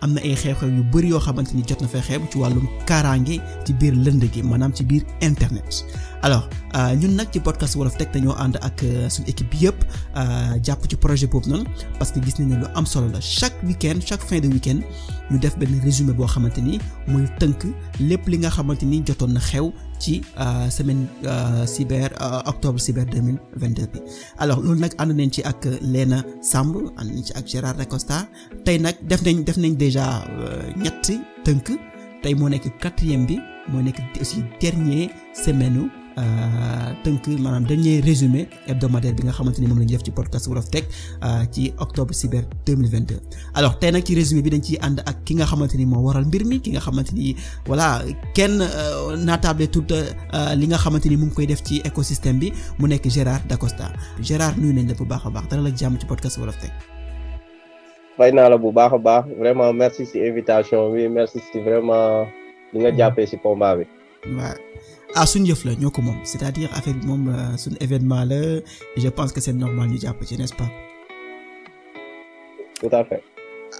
am na ay xew-xew yu bëri yoo xamante ni jot na fa xew ci wàllum kaaraange ci biir lënd gi maanaam ci biir internet alors euh, ñun nag ci podcast Wolof Tech dañoo ànd ak euh, suñu équipe bi yëpp euh, jàpp ci projet boobu noonu parce que gis nañ ne lu am solo la chaque week-end chaque fin de week ñu def benn résumé boo xamante ni muy tënk lépp li nga xamante ni jotoon na xew ci euh, semaine euh, cyber euh, octobre cyber 2022 bi alors loolu nag ànd nañ ci ak Léna Samb ànd nañ ci ak Gérard Dacosta tey nag def nañ def nañ déjà ñetti tënk tey moo nekk quatrième bi moo nekk aussi dernier semaine euh, tënk maanaam dernier résumé hebdomadaire bi nga xamante ni moom la ñu def ci podcast Wolof Tech euh, ci octobre cyber 2022 alors tey nag ci résumé bi dañ ciy ànd ak ki nga xamante ni moo waral mbir mi ki nga xamante ni voilà kenn euh, naatable tout li nga xamante ni mu ngi koy def ci écosystème bi mu nekk Gérard Dacosta Gérard nuyu nañ la bu baax a baax dara la jàmm ci podcast Wolof Tech fay naa la bu baax a baax vraiment merci ci invitation bi merci ci vraiment li nga mm-hmm. jàppee ci combat bi waaw à ah, c'est-à-dire avec mom moom euh, événement je pense que c'est normal ñu n'est-ce pas. tout à fait.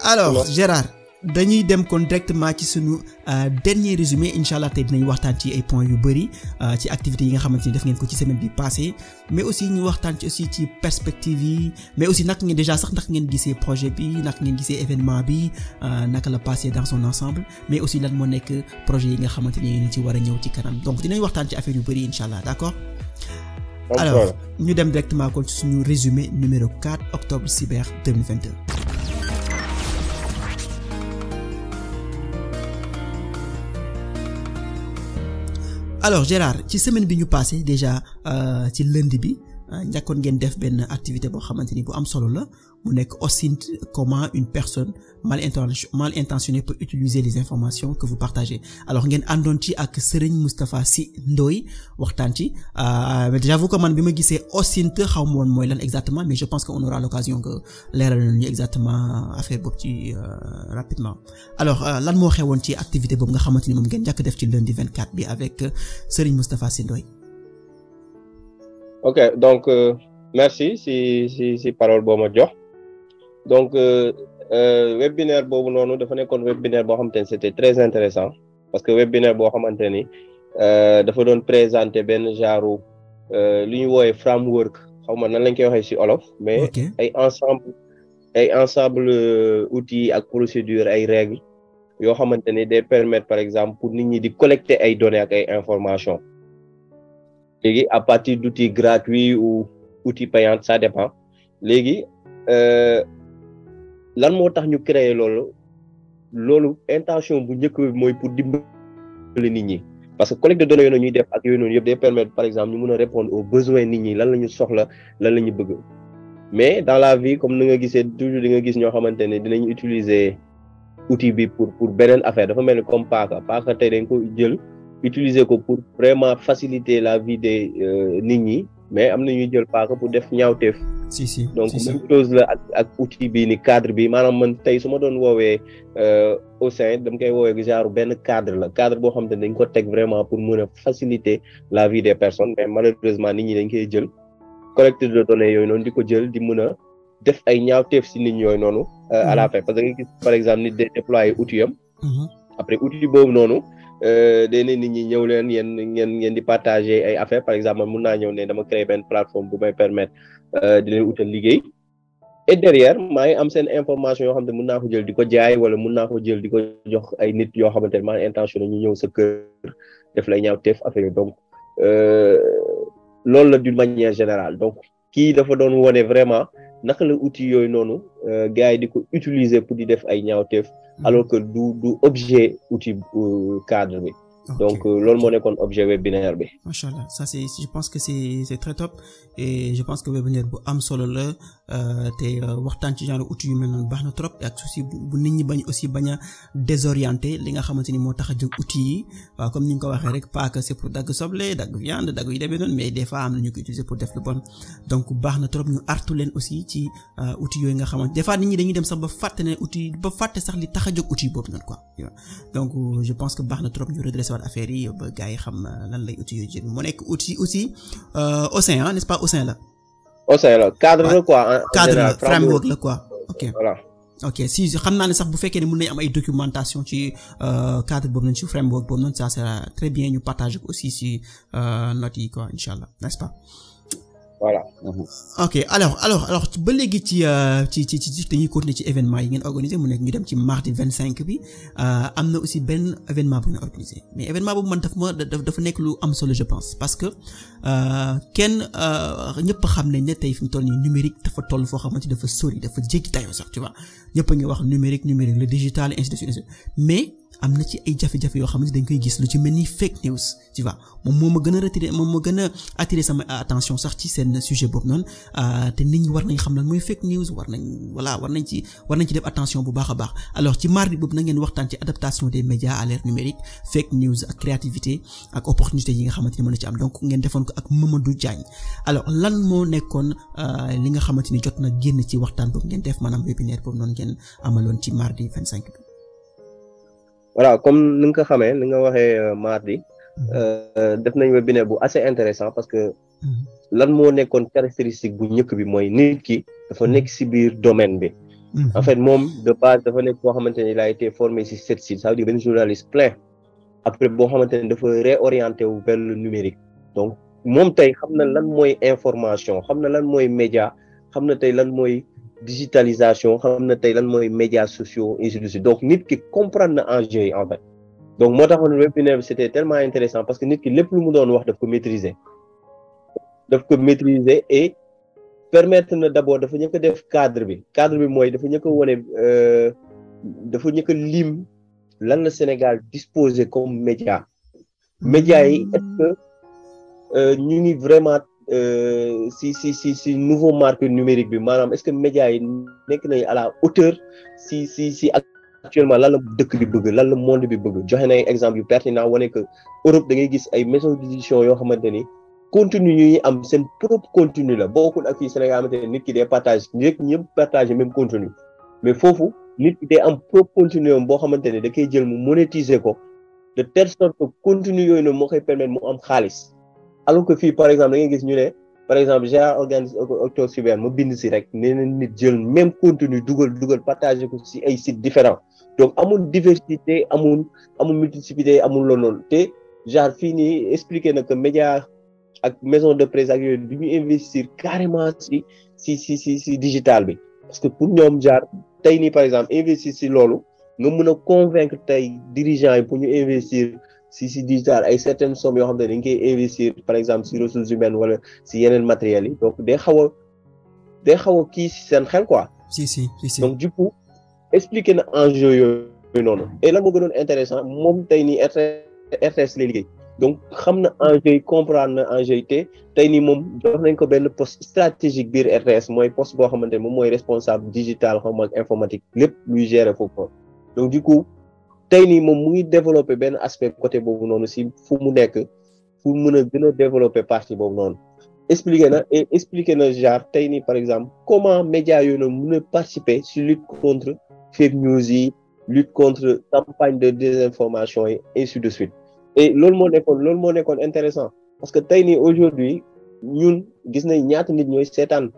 alors Gérard dañuy dem kon directement ci suñu euh, dernier résumé incha allah tey dinañ waxtaan ci ay points yu bëri euh, ci activités yi nga xamante ni def ngeen ko ci semaine bi passée mais aussi ñu waxtaan ci aussi ci perspectives yi mais aussi naka ngeen déjà sax naka ngeen gisee projet bi naka ngeen gisee événement bi euh, naka la passé dans son ensemble mais aussi lan moo nekk projet yi nga xamante ni ngeen ci war a ñëw ci kanam donc dinañ waxtaan ci affaire yu bëri incha allah d'accord alors ñu dem directement kon ci suñu résumé numéro 4 octobre cyber 2022 alors Gérard ci semaine bi ñu passé déjà euh, ci lundi bi ñakoon ah, ngeen def benn activité boo xamante ni bu am solo la mu nekk aussi comment une personne mal intentionnée peut utiliser les informations que vous partagez alors ngeen andonti ak Serigne Mustapha Sy ndoy waxtanti euh mais vous que man bi ma gisee OSINT xaw ma exactement mais je pense qu'on aura l'occasion que leeral nañu exactement affaire boobu ci euh, rapidement alors euh, lan mo xewoon ci activité boobu nga xamanteni mom moom ngeen def ci lundi 24 bi avec euh, Serigne Mustapha Sy ndoy. ok donc merci si si si parole boo ma donc euh, euh, webinaire boobu noonu dafa nekkoon webinaire bo xamanteni c'était très intéressant parce que webinaire boo xamante ni euh, dafa doon présenter ben genre lu ñu woyé framework xawma nan lañ koy waxé ci olof. mais ay ensemble ay ensemble outils ak procédures, ay règles yo xamanteni ni day permettre par exemple pour nit ñi di collecter ay données ak ay informations légui à partir d'outils gratuits ou outils payants ça dépend euh lan moo tax ñu créer loolu loolu intention bu njëkk bi mooy pour dimbali nit ñi parce que collecte de données yooyu ñuy def ak yooyu noonu yëpp day permettre par exemple ñu mën a répondre aux besoins nit ñi lan la ñu soxla lan la ñu bëgg mais dans la vie comme ni nga gisee toujours di nga gis ñoo xamante ne dinañ utiliser outil bi pour pour beneen affaire dafa mel ni comme paaka paaka tey dañ ko jël utiliser ko pour vraiment faciliter la vie des euh, nit ñi mais amna na ñuy jël paaka pour def ñaawteef. si si donc si, même chose si. la ak ak outil bi ni cadre bi manam man tay suma doon wowe euh au sein dama koy woowee genre ben cadre la cadre bo xam dañ ko tek vraiment pour mën faciliter la vie des personnes mais malheureusement nit ñi dañ koy jël collecte de données yoy non diko jël di mën def ay ñaawteef ci nit yooyu noonu. à la fin parce que par exemple nit dé déployer outil yam -hmm. après outil bobu nonu Euh, day ne nit ñi ñëw leen yéen ngeen ngeen di partager ay affaires par exemple mun naa ñëw ne dama créer benn plateforme bu may permettre euh, di utal liggéey et derrière maa ngi am seen information yoo xam ne mun naa ko jël di ko jaay wala mun naa ko jël di ko jox ay nit yoo xamante ne maa intention ñu ñëw sa kër def lay ñaaw teef affaire donc euh, loolu la d'une manière général donc kii dafa doon wone vraiment naka la uti yooyu noonu gars yi di ko utiliser pour di def ay ñaawteef alors que du du objet outil euh, cadre bi donc euh, loolu moo qu'on objet webinaire. bi. Machallah. ça c'est je pense que c'est c'est très top et je pense que webinaire bu am solo la euh, te euh, waxtaan ci genre outil yu mel noonu baax na trop ak souci bu nit ñi bañ aussi bañ désorienté li nga xamante ni moo tax a outil comme ni nga ko waxee rek pas que c'est pour dagg soble dagg viande dagg yu demee mais des fois am na ñu utiliser pour def le bon donc bah na trop ñu artu leen aussi ci outil yooyu nga des fois nit ñi dañuy dem sax ba fàtte ne outil ba fàtte sax li tax a jóg outil quoi donc je pense que bah na trop ñu redresser leeral affaire yi ba gars yi xam euh, lan lay outil yooyu jël mu nekk outil outil au sein n'est-ce pas la. au sein la cadre la quoi. cadre la framework la quoi ok. ok si xam naa ne sax bu fekkee ne mën nañu am ay documentation ci euh, cadre boobu noonu ci framework boobu noonu ça sera très bien ñu partager ko aussi si euh, notes yi quoi incha allah nest pas. voilà. Mhm. ok alors alors alors ba léegi euh, ci ci ci ci dañuy continuer ci événement yi ngeen organisé mu nekk ñu ci mardi vingt cinq bi euh, amener aussi ben événement pour ñu organisé mais événement boobu man dafa ma dafa nekk lu am solo je pense parce que euh, kenn ñëpp xam nañ ne tey fi mu toll nii numérique dafa toll foo xamante dafa sori dafa jéggi tayoo sax tu vois ñëpp a ngi wax numérique numérique le digital et ainsi de suite mais amna ci ay jafé jafé yo xamné dañ koy gis lu ci mel fake news tu vois moom moo gëna gën a retiré moom ma gën a sama attention sax ci sen sujet boobu noonu ah, te nit ñi war nañ xam nak moy fake news war nañ voilà war nañ ci war nañ ci def attention bu baax a baax alors ci mardi boobu na ngeen waxtaan ci adaptation des médias à l'ère numérique fake news ak créativité ak opportunité yi nga xamanteni ni na ci am donc ngeen defoon ko ak Mamadou Diagne alors lan mo moo euh li nga xamanteni ni jot na génn ci waxtaan boobu ngeen def manam webinaire boobu non ngeen amalon ci mardi 25 bi voilà comme ni nga ko xamee ni nga waxee euh, mardi mhm. euh, def nañ webinaire bu assez intéressant parce que mhm. lan moo nekkoon caractéristique bu njëkk bi mooy nit ki dafa mhm. nekk si biir domaine bi en fait moom de base dafa nekk boo xamante ne il a été si CETSID ça veut dire benn journaliste plein après boo xamante ne dafa réorienté wu vers le numérique donc moom tey xam na lan mooy information xam na lan mooy média xam na tey lan mooy digitalisation xam na lan mooy médias sociaux et donc nit ki comprendre na enjeu en fait donc moo taxoon webinaire c'était tellement intéressant parce que nit ki lépp lu mu doon wax daf ko maîtriser daf ko maîtriser et permettre na d'abord dafa ñëkk a def cadre bi cadre bi mooy dafa ñëkk a wone euh, dafa ñëkk a lim lan la Sénégal disposé comme média média yi est-ce que euh, ñu ngi vraiment Euh, si si si si nouveau marque numérique bi maanaam est-ce que médias yi nekk nañu à la hauteur si si si actuellement lan la dëkk bi bëgg lan la monde bi bëgg joxe na ay exemple yu pertinent wane que Europe da gis ay maison d'édition yoo xamante ni contenu ñuy am sen propre contenu la bokkul ak fii Sénégal xamante ne nit ki day partage ñëpp ñëpp partage même contenu mais foofu nit ki day am propre contenu boo xamante ne da koy jël mu monétiser ko de telle sorte que contenu yooyu noonu moo koy permettre mu am xaalis alors que fii par exemple da ngay gis ñu ne par exemple j'ai organisé Octobre Cyber mu bind si rek nee nit jël même contenu Google, dugal partager ko si ay sites différents donc amul diversité amul amul multiplicité amul loolu noonu te fini fii nii expliquer na que média ak maison de presse ak yooyu du investir carrément si si si si si digital bi parce que pour nous, genre tey par exemple investir si loolu nga mën convaincre tey dirigeants yi pour ñu investir si si digital ay certaines sommes yoo xam ne dañ koy investir par exemple si ressources humaines wala si yeneen matériels yi donc day xaw a day xaw a kii si seen xel quoi. si si si si donc du coup expliquer na enjeu yooyu noonu. et lan moo gënoon intéressant moom tey nii RTS lay liggéey donc xam na enjeu yi comprendre na enjeu yi te tey nii moom jox nañ ko benn poste stratégique biir RTS mooy poste boo xamante ne moom mooy responsable digital xaw ak informatique lépp luy gérer foofu donc du coup. tey nii moom mu ngi développé benn aspect côté boobu noonu si fu mu nekk fu mën a gën a développé boobu noonu expliqué na et expliqué na genre tey ni par exemple comment médias yooyu noonu mën a participer si lutte contre fake news yi lutte contre campagne de désinformation yi ainsi de suite et loolu moo nekkoon loolu moo nekkoon intéressant parce que tey nii aujourd'hui ñun gis nañ ñaata nit ñooy seetaan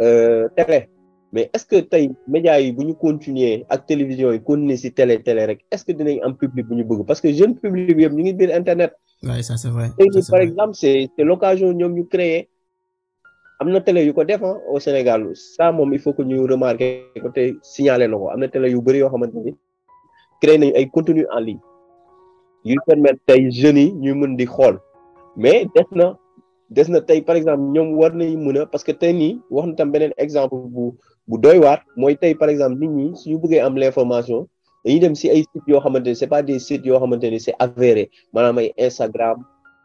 euh, télé mais est-ce que tay médias yi buñu continuer ak télévision yi continuer ci télé télé rek est-ce que dinañ am public buñu bëgg parce que jeune public yëpp ñu ngi biir internet. Oui, ça c'est vrai par exemple c'est c'est l'occasion ñom ñu créer amna télé yu ko def hein, au Sénégal ça mom il faut que ñu remarquer ko signaler na amna télé yu bëri yo xamanteni créer nañ ay contenu en ligne yuy permettre tay jeunes yi ñuy mën di xol mais def na. des na tey par exemple ñoom war nañu mën a parce que tey nii wax na tam beneen exemple bu bu doy waar mooy tey par exemple nit ñi suñu bëggee am l'information dañuy dem si ay sites yoo xamante ne c'est pas des sites yoo xamante ne c'est avéré maanaam ay Instagram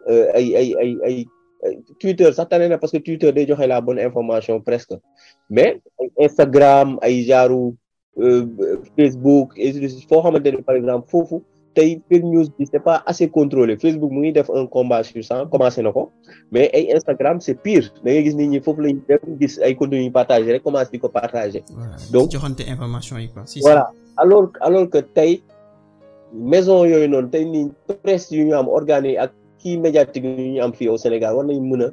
euh, ay ay ay ay Twitter sax tane na parce que Twitter day joxe la bonne information presque mais ay Instagram ay genre euh, Facebook foo xamante ne par exemple foofu tay fake news bi c'est pas assez contrôlé Facebook mu ngi def un combat sur ça commencé na ko mais ay Instagram c'est pire da ngay gis nit ñi foofu lañu dem gis ay contenu yu partager rek commencé di ko donc joxante information yi quoi. voilà alors alors que tey maison yooyu noonu tey ni presse yu ñu am organes ak kii médiatique yu ñu am fii au Sénégal war nañu mën a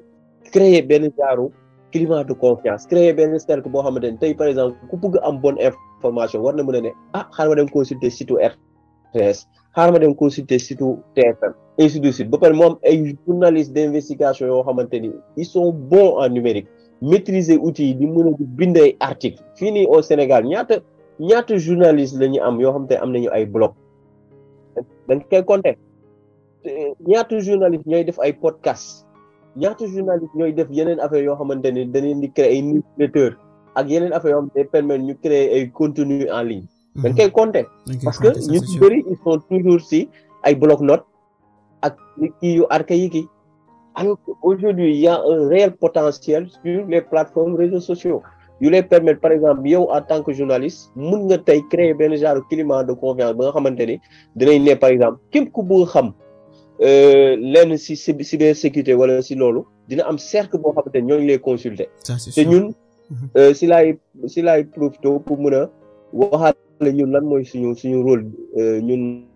créer benn genre climat de confiance créer benn cercle boo xamante ne tey par exemple ku bëgg am bonne information war na mën a ne ah xaaral ma dem consulter site RTS xaaral dem consulter site TFM de suite ba journalistes d'investigation ils sont bons en numérique maîtriser outils di articles au Sénégal ñaata journalistes la am yoo am nañu ay blog journalistes ñooy def ay podcasts ñaata journalistes ñooy def yeneen affaires di créer ay newsletter ak yeneen affaires yoo xamante ñu créer ay contenu en ligne. Mhm. dañ koy compte, parce que les ils sont toujours si ay bloc notes ak alors il y a un réel potentiel sur les plateformes réseaux sociaux Ils les permettent, par exemple yow en tant que journaliste mun nga créer genre climat de confiance ba nga par exemple képp euh, sécurité wala si cercle consulter ñun mhm. euh, pour ñun lan mooy suñu suñu rôle euh, ñun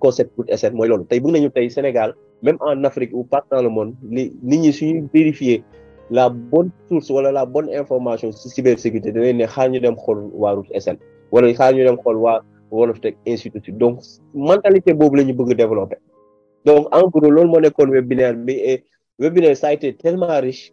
concept pour SN mooy loolu tey bëgg nañu tey Sénégal même en Afrique ou partout dans le monde li suñu vérifier la bonne source wala la bonne information ci cybersécurité danay ne xaar ñu dem xool waa route SN wala xaar ñu dem xool waa Wolof Tech ainsi de suite donc mentalité boobu la ñu bëgg développer donc en gros loolu moo nekkoon webinaire bi et webinaire tellement riche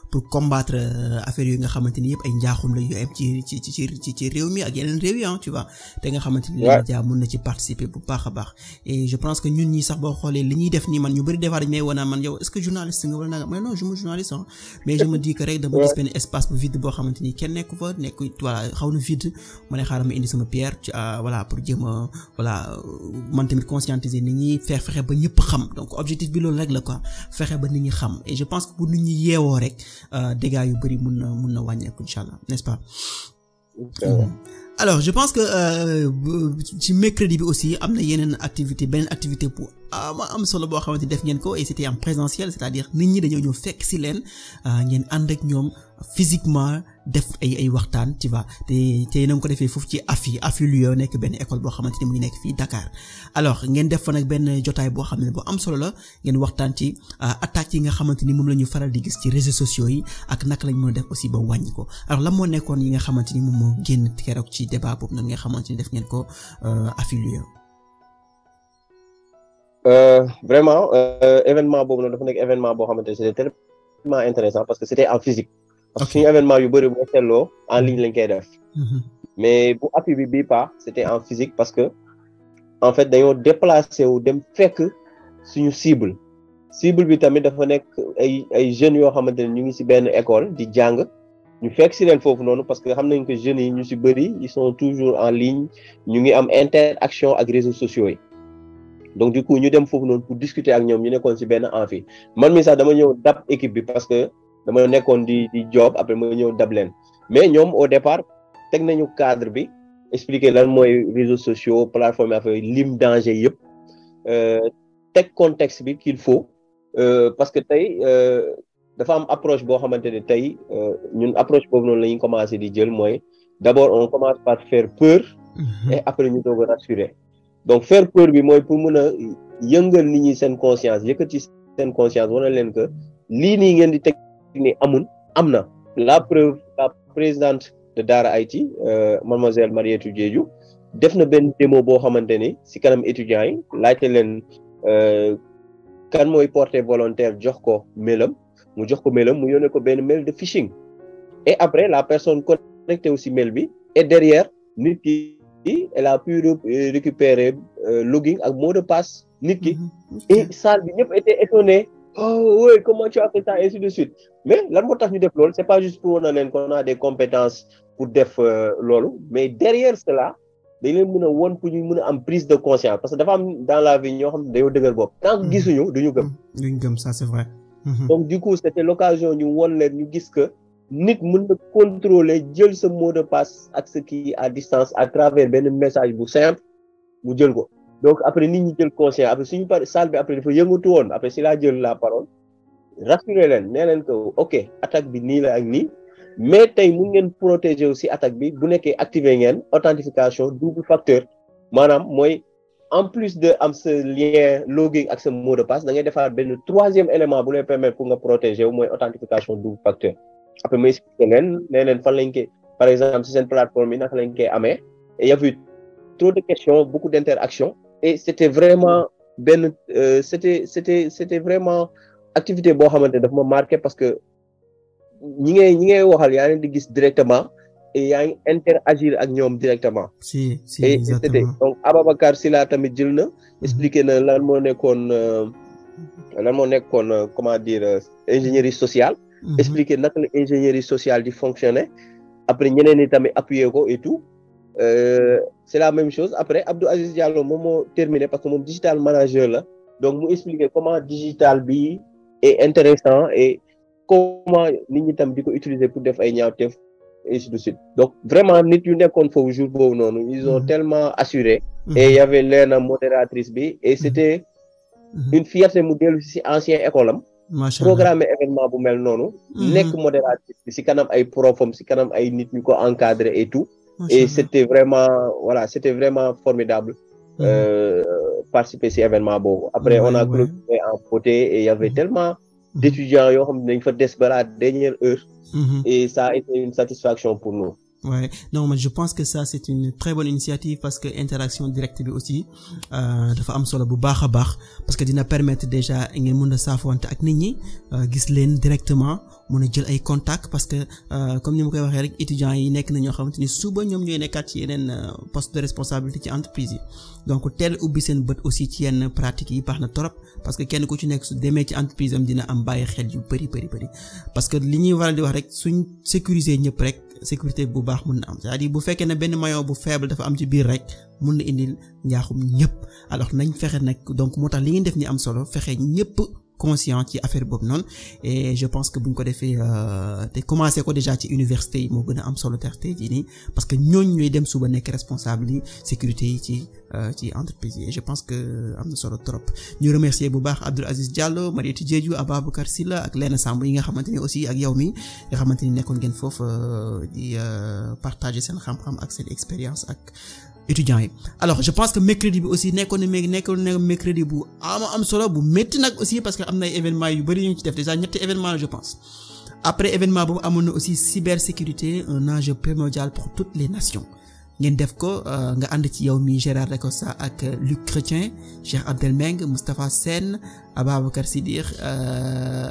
pour combattre euh, affaire yi nga xamanteni yépp ay njaaxum la yu am ci ci ci ci réew mi ak yeneen réew yi hein, tu vois te nga xamanteni ni média mën na ci participer bu baax a baax et je pense que ñun ñi sax boo xoolee li ñuy def nii man ñu bëri defaat may wanaa man yow est-ce que journaliste nga wala nanga mais non je me journaliste ah mais je me dis que rek dama gis benn espace bu vide boo xamante ni kenn nekku fa nekk voilà xaw na vide ma ne xaaral ma indi sama pierre ci euh, voilà pour jéem a voilà euh, man tamit conscientiser nit ñi fexe fexe ba ñëpp xam donc objectif bi loolu rek la quoi fexe ba nit ñi xam et je pense que pour nit ñi yeewoo rek Euh, dégâts yu bëri mun na mun na wàññeeku incha allah n'est-ce pas. alors je pense que euh, ci mercredi bi aussi am na yeneen activité beneen activité pour Ah, ma am solo bo xamanteni def ngeen ko et c'était en présentiel c'est-à-dire nit ñi dañoo ñëw fekk si leen ah, ngeen and ak ñoom physiquement def ay ay waxtaan tu vois te te na ko defee foofu ci AFI AFI Lyon nekk benn école boo xamante ni mu ngi nekk fii Dakar alors ngeen def fa nag benn jotaay boo xam ne bu am solo la ngeen waxtaan ci ah, attaques yi nga xamante ni moom la ñu faral di gis ci réseaux sociaux yi ak naka lañ mën a def aussi ba wàññi ko alors lan moo nekkoon yi nga xamante ni moom moo génn keroog ci débat boobu nag nga xamante ni def ngeen ko AFI Lyon euh, vraiment euh, événement bobu dafa nek événement bo c'était tellement intéressant parce que c'était en physique parce que événement yu bëri en mm-hmm. ligne lañ koy def mm-hmm. mais bu appui bi pas c'était en physique parce que en fait dañoo déplacé ou dem fekk suñu cible cible bi tamit dafa nek ay ay jeunes yo xamante ne ñu ngi ci ben école di jang ñu fekk ci len fofu parce que xam nañ jeunes yi ci ils sont toujours en ligne ñu ngi am interaction ak réseaux sociaux donc du coup ñu dem foofu noonu pour discuter ak ñoom ñu nekkoon ci benn amphi man mi sax dama ñëw dab équipe bi parce que dama nekkoon di di job après ma ñëw dab leen mais ñoom au départ teg nañu cadre bi expliquer lan mooy réseaux sociaux plateforme affaire lim danger yëpp euh, teg contexte bi qu'il faut euh, parce que tey euh, dafa am approche boo xamante ne tey ñun approche boobu noonu la ñuy commencé di jël mooy d'abord on commence par faire peur mm-hmm. et après ñu doog a rassurer donc faire peur bi pour a conscience yëkkati seen conscience wane leen que lii nii ngeen di teg ni amul am la preuve la présidente de Dara euh, mademoiselle démo si étudiants euh, kan volontaire jox ko mu jox ko mail de phishing et après la personne connectée aussi mail bi et derrière nit et elle a pu euh, récupérer le euh, login le mot de passe niki. Mhm. et ça, bi étaient était étonné oh ouais comment tu as fait ça Et ainsi de suite mais lan du déploiement, ñu n'est pas juste pour qu'on a des compétences pour défendre euh, mais derrière cela il y a won pour prise de conscience parce que dans la vie ñoo xam des nous. qui bopp tant que mhm. gisuñu duñu mhm. ça c'est vrai donc du coup c'était l'occasion de nous dire que nit mën na contrôler jël sa mot de passe ak sa kii à distance à travers benn message bu simple mu jël ko donc après ni ñi jël conscience après suñu par salle bi après dafa yëngatu woon après si laa jël la parole rassurer leen nee leen ko ok attaque bi nii la ak nii mais tey mu ngeen protéger aussi attaque bi bu nekkee activer ngeen authentification double facteur maanaam mooy en plus de am sa lien login ak sa mot de passe da ngay defaat benn troisième élément bu lay permettre nga protéger wu mooy authentification double facteur après mes expliqué mais ne fan lañ par exemple si seen plateforme yi naka lañ koy amee et y' a eu trop de questions beaucoup d'interactions et c'était vraiment ben euh, c'était c'était vraiment activité bo xamante daf ma marqué parce que ñi ngay ñi ngay waxal ya ngi di gis directement et yaa interagir ak ñom directement. si si et exactement donc ababakar sila tamit jël mhm. expliquer na lan moo nekkoon eh, lan mo nekkoon eh, comment dire eh, ingénierie sociale. Mhm. expliquer naka la ingénierie sociale di fonctionner après ñeneen ñi tamit appuyer ko et tout euh, c'est la même chose après Abdou Aziz Diallo moom moo terminé parce que moom digital manager la donc mu expliquer comment digital bi est intéressant et comment nit ñi tam di ko utiliser pour def ay ñaawteef ainsi de suite donc vraiment nit yu nekkoon foofu jour boobu noonu ils ont mhm. tellement assuré mhm. et y avait Léna modératrice bi et c'était une fierté mu dellu si ancien école am programme événement et tout. vraiment voilà c'était vraiment formidable. Mhm. Euh, participer si événement après on a clôturé en et il y avait mhm. tellement mhm. d'étudiants étudiants xam ne dernière heure. et ça a été une satisfaction pour nous. Ouais. Non, mais je pense que ça c'est une très bonne initiative parce que interaction directe bi aussi euh, dafa am solo bu baax a parce que dina permettre déjà ngeen mën a saafowante ak nit ñi euh, gis leen directement mon a jël ay parce que euh, comme ni ma koy waxee rek étudiants yi nekk na ñoo xamante ni suba ñoom ñooy nekkaat ci yeneen poste de responsabilité ci entreprise yi donc tel ubbi seen bët aussi ci yenn pratiques yi baax na torop parce que kenn ku ci nekk su demee ci entreprise am dina am bàyyi xel yu bëri bëri bëri parce que li ñuy waral di wax rek suñ sécuriser ñëpp rek sécurité bu baax mun na am c'est-à-dire bu fekkee ne benn maillon bu faible dafa am ci biir rek mun na indil njaaxum ñëpp alors nañ fexe nag donc moo tax li ngeen def ni am solo fexe ñëpp conscient ci affaire boobu noonu et je pense que bu ñu ko defee euh, te commencé ko déjà ci université yi moo gën a am solo tey jii nii parce que ñooñ ñooy dem suba nekk responsable yi sécurité yi ci ci euh, entreprise je pense que euh, am na solo trop ñu remercier bu baax Abdoul Aziz Diallo Mariette Diédiou Ababacar Sylla ak Lena Samb yi nga xamanteni aussi ak yow mi nga xamanteni ni nekkoon ngeen foofu euh, di partager seen xam-xam ak seen expérience ak étudiants yi alors je pense que mercredi bi aussi nekkoon na nekkoon na mercredi bu ama am solo bu métti nag aussi parce que am na yu bëri ñu ci def déjà ñetti événement je pense après événement boobu amoon na aussi cybersécurité un enjeu primordial pour toutes les nations ngeen def ko euh, nga ànd ci yow mi Gérard ak Luc Chrétien Cher Abdelmeng, Sen, Abba Ababacar Sidir euh,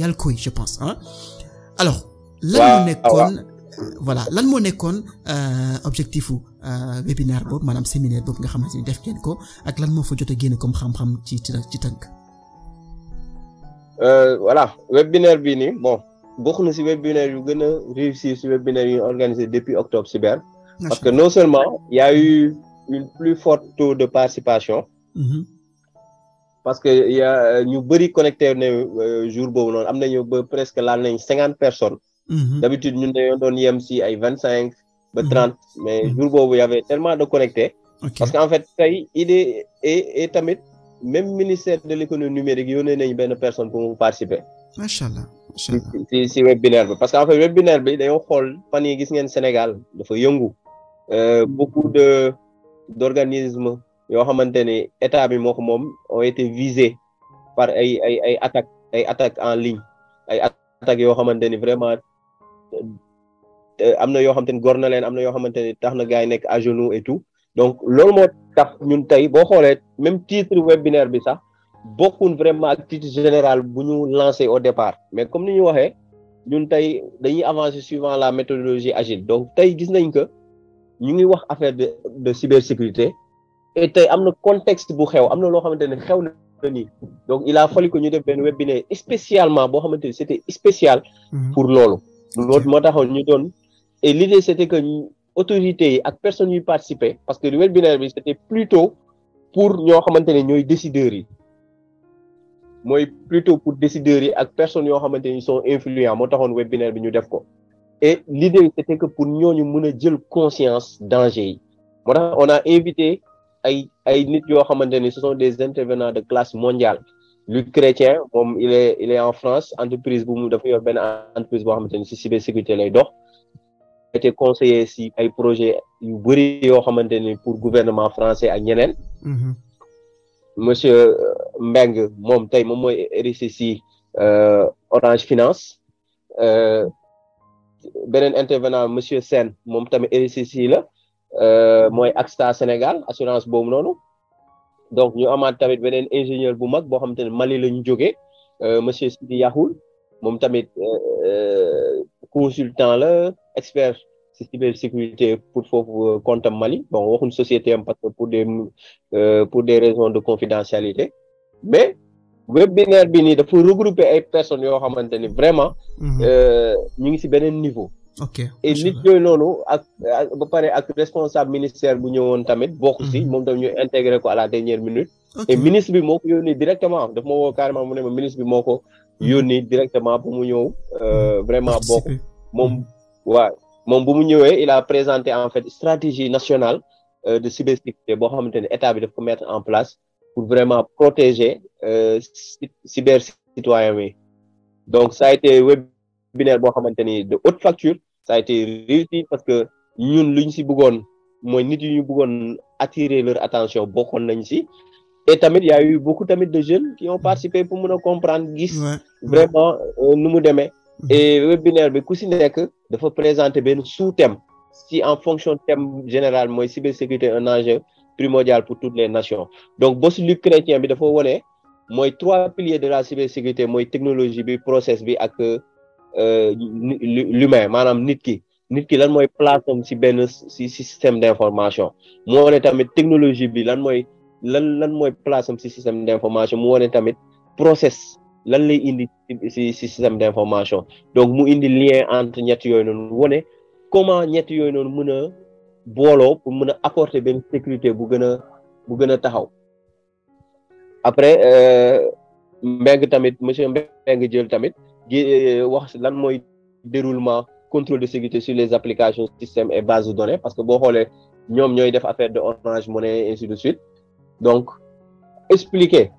Yalkoy je pense hein. alors lan moo voilà lan moo euh, webinaire séminaire nga def ko ak lan fa comme xam-xam ci ci voilà webinaire bon na webinaire yu webinaire organisé depuis octobre cyber parce que non seulement il y a eu une plus forte taux de participation, -hmm. parce que il y a euh, ñu bëri connecté ne euh, jour boobu noonu am amené presque 50 50 personnes. Mhm. d'habitude nous avons donné yem à ay vingt cinq ba mhm. trente mais mhm. jour il y avait tellement de connectés. parce qu'en fait il est et et tamit même ministère de l'économie numérique a nañu benn personne pour participer. Masha'Allah. allah macha allah si si webinaire il parce qu'en en fait webinaire bi dañoo xool fan yi gis ngeen Sénégal dafa euh, beaucoup de d'organismes yo xamante état bi moko mom ont été visés par ay ay ay attaques ay attaques en ligne ay attaques yo xamante vraiment euh, amna yo yoo xamante ni gor na leen am na yoo tax na à genoux et tout donc loolu mo tax ñun tay bo xolé même titre webinaire bi sax bokkun vraiment ak titre général bu ñu lancer au départ mais comme ni ñu waxee ñun tay dañuy avancer suivant la méthodologie agile donc tay gis nañ que ñu ngi wax affaire de de cybersécurité et tey am na contexte bu xew am na loo xew na donc il a fallu que ñu def benn webinaire spécialement boo xamante c'était spécial mhm. pour loolu loolu moo taxoon ñu doon et l'idée c'était que l'autorité yi ak personne yuy participer parce que le webinaire bi c'était plutôt pour ñoo xamante ne ñooy décideurs yi mooy plutôt pour décideurs yi ak personne yoo xamante ni sont influents moo taxoon webinaire bi ñu def ko et l'idée, c'était que pour nous, nous avons conscience danger. On a invité ce sont des intervenants de classe mondiale. Le chrétien, il est, il est en France, entreprise, entreprise de cybersécurité. a été conseillé si ay projet yu le pour gouvernement français à Nyenen. Mm-hmm. monsieur euh, Mbengue moom est ici, ici Orange Finance. Euh, beneen intervenant monsieur Sène moom tamit RCC la euh, mooy AXTA Sénégal assurance boobu noonu donc ñu amaat tamit beneen ingénieur bu mag boo xamante ne Mali la ñu jógee euh, monsieur Sidi Yahoul moom tamit euh, consultant la expert ci cybersécurité pour foofu compte Mali donc waxuñ société am parce que pour des pour des raisons de confidentialité mais. webinaire bi nii dafa regrouper ay personnes yoo xamante ni vraiment. Mhm. Euh, ñu ngi ci beneen niveau. ok et nit yooyu noonu ak ba pare ak responsable ministère bu ñëwoon tamit. bokk ci mhm. moom tam ñu intégré ko à la dernière minute. et ministre bi moo ko yónnee directement daf ma woo carrément mu ne ma ministre bi moo ko mhm. directement bu mu ñëw euh, vraiment bokk moom waaw moom bu mu ñëwee il a présenté en fait stratégie nationale euh, de cybersécurité boo xamante ni état bi daf ko mettre en place. pour vraiment protéger euh, cyber citoyen yi donc sa a été webinaire boo xamante ni de haute facture ça été réussi parce que ñun lu ñu si bëggoon mooy nit yu ñu bëggoon attirer leur attention bokkoon nañ si et tamit y a beaucoup tamit de jeunes qui ont participé pour mën a comprendre gis vraiment euh, nu mu demee mm-hmm. et webinaire bi ku si nekk dafa présenter benn sous-thème si en fonction thème général mooy cybersécurité en enjeu primordial pour toutes les nations donc bosu lu chrétien bi dafa wone mooy trois piliers de la cybersécurité mooy technologie bi process bi ak euh, l'humain maanaam nit ki nit ki lan mooy place si benn si sistème d'information mu wone tamit technologie bi lan mooy lan lan mooy place si système d'information mu wone tamit process lan lay indi si système d'information donc mu indi lien entre ñett yooyu noonu wone comment ñett yooyu noonu mën booloo pour mën a apporter benn sécurité bu gën a bu gën a taxaw après euh, Mbengue tamit monsieur mbeng jël tamit gi euh, wax lan mooy déroulement contrôle de sécurité sur les applications systèmes et bases de données parce que boo xoolee ñoom ñooy def affaire de Orange monnaie et ainsi de suite donc expliquer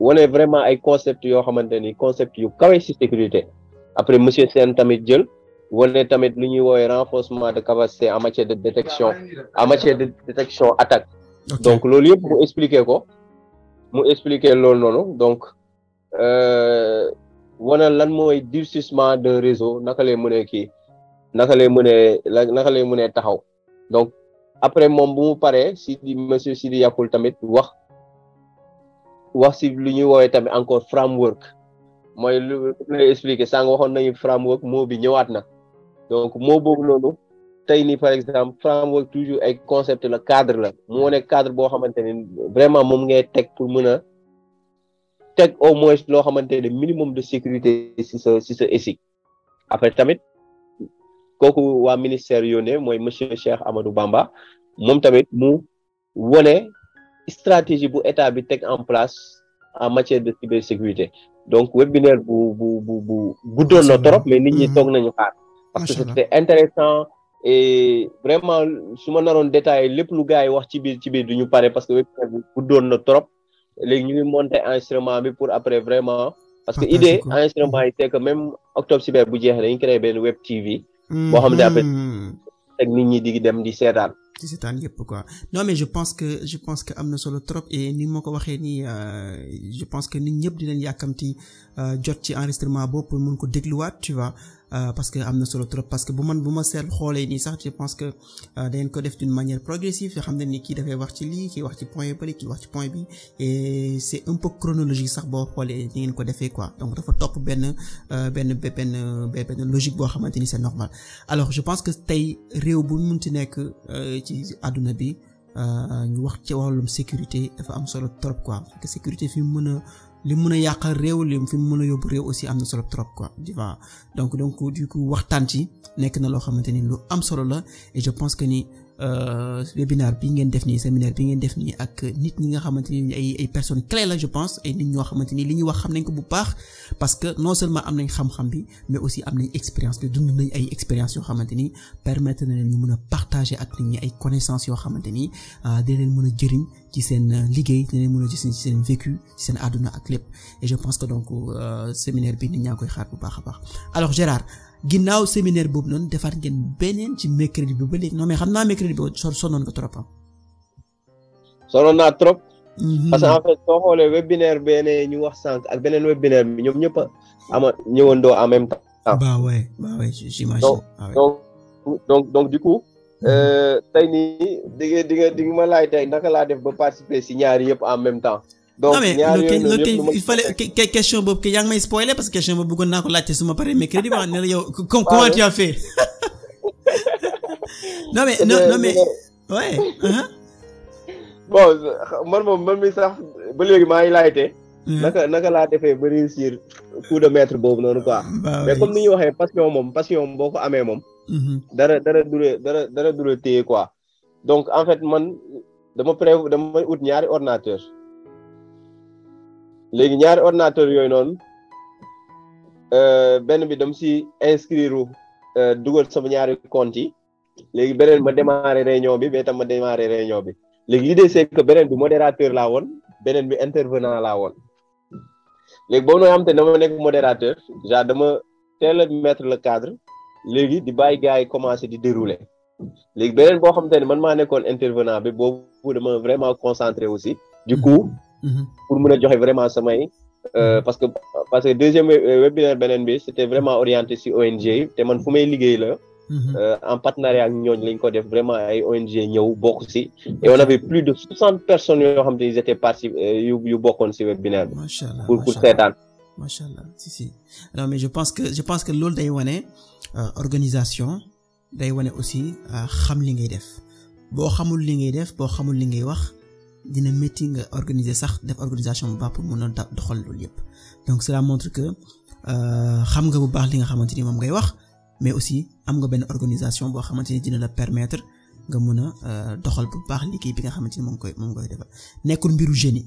wane vraiment ay concepts yoo xamante ni concept yu kawe sécurité après monsieur Sen tamit jël. wala tamit lu ñuy woowee renforcement de capacité en matière de détection en matière de détection attaque donc loolu yëpp mu expliquer ko mu expliquer loolu noonu donc euh, wana lan mooy durcissement d'un réseau naka lay mënee kii naka lay mënee naka lay mënee taxaw donc après moom bu pare paree si di monsieur Sidi Yakul tamit wax wax si lu ñuy woowee tamit encore framework mooy lu lay expliquer sànq waxoon nañu framework moo bi ñëwaat na donc moo boobu noonu tey nii par exemple framework toujours ay concept la cadre la moo nekk cadre boo xamante ne vraiment moom nga teg pour mën a teg au moins loo xamante ne minimum de sécurité si sa si sa ESIC après tamit kooku waa ministère yónnee mooy monsieur Cheikh Amadou Bamba moom tamit mu wone stratégie bu état bi teg en place en matière de cybersécurité donc webinaire bu bu bu bu guddoon mais nit ñi mm-hmm. toog nañu xaar parce que c'était intéressant et vraiment su ma naroon détaillé lépp lu gars yi wax ci tibi ci biir du ñu parce que web bi guddoon trop les ñu ngi monter enregistrement bi pour après vraiment parce que idée enregistrement était c'est que même octobre cyber bu jeexee dañu créé benn web TV boo xam ne après hmm. ak nit ñi di dem di seetaan quoi non mais je pense que je pense que amna solo trop et ni moko waxé ni nii euh, je pense que nit ñëpp dinañ euh jot ci enregistrement bo pour mun ko dégluwaat tu vois euh, parce que amna solo trop parce que bu man bu ma seet xoolee ni sax je pense que euh, da ko def d'une manière progressive yoo xam ne ni kii dafay wax ci li kii wax ci point bële kii wax ci point bi et c'est un peu chronologique sax bo xoolee ni ngeen ko defé quoi donc dafa top ben euh, ben benn benn logique bo xamante ni c'est normal alors je pense que tay rew bu mun nek ci aduna bi ñu wax ci walum sécurité dafa am solo trop quoi que sécurité fi mu li mun a yàqal réew li fi mu mën a yóbbu réew aussi am na solo trop quoi tu donc donc du coup waxtaan ci nekk na loo xamante ni lu am solo la et je pense que nii Euh, webinaire bi ngeen def nii séminaire bi ngeen def nii ak nit ñi nga xamante ni ay ay personnes clés la je pense ay nit ñoo xamante ni li ñuy wax xam nañ ko bu baax parce que non seulement am nañ xam-xam bi mais aussi am nañ expérience de dund nañ ay expérience yoo xamante ni permettre na leen ñu mën a partager ak nit ñi ay connaissances yoo xamante ni euh, dina leen mën a jëriñ ci seen liggéey dina leen mën a jëriñ ci seen vécu ci seen àdduna ak lépp et je pense que donc euh, séminaire bi nit ñaa koy xaar bu baax a baax alors Gérard Ginau séminaire boobu noonu defar ngeen beneen ci mercredi bi ba léegi non mais xam naa mercredi bi sor sonoon nga trop sonoon naa trop mhm. parce que en fait soo xoolee webinaire beneen ñu wax sànq ak beneen webinaire bi ñoom ñëpp ama ñëwandoo en même temps bah ouais bah ouais j'imagine donc, ah donc donc donc du coup mhm. euh, tey nii di nga di nga di nga ma laaj tey naka laa def ba participer si ñaari yëpp en même temps donc ñaar yooyu noonu yëpp il fallait que question boobu que yaa ngi may spoiler parce que question boobu bëggoon naa ko laajte su ma paree mais crédit wax ne la yow comment tu as fait. non mais non non mais ouais. Uh-huh. bon man moom man mi sax ba léegi maa ngi laajte. Uh-huh. naka naka laa defee ba réussir coup de maître boobu noonu quoi. mais comme ni ñu waxee passion moom passion boo ko amee moom. Mm-hmm. dara dara du la dara dara du la téye quoi. donc en fait man dama pré dama ut ñaari ordinateur léegi ñaari ordinateur yooyu noonu euh, benn bi dam si inscrire euh, dugal sama ñaari compte yi léegi beneen ma démarré réunion bi mais tam ma démarré réunion bi léegi l'idée c'est que beneen bi modérateur laa woon beneen bi intervenant laa woon léegi boobu noo xam te dama nekk modérateur genre dama teel a mettre le cadre léegi di bàyyi gars yi commencé di dérouler léegi beneen boo xam te ne man maa nekkoon intervenant bi boobu dama vraiment concentré aussi du coup Mhm. pour mun a joxe vraiment samay. Euh, mhm. parce que parce que deuxième webinaire beneen bi c'était vraiment orienté sur ONG té man fu may liggéey la. Mhm. Euh, en partenariat ak ñooñu lañ ko def vraiment ay ONG ñëw bokk si. et on avait plus de 60 personnes yo xam ils étaient parti euh, yu yu bokkoon webinaire bi. macha pour pour allah si si non mais je pense que je pense que lool day wane organisation day wone aussi xam li ngay def boo xamul li ngay def boo xamul li ngay wax dina métti nga organiser sax def organisation bu baax pour mën a doxal loolu yëpp donc cela montre que euh, xam nga bu baax li nga xamante ni moom ngay wax mais aussi am nga benn organisation boo xamante ni dina la permettre nga mën a euh, doxal bu baax liggéey bi nga xamante ni moom koy moom koy defal nekkul mbiru génie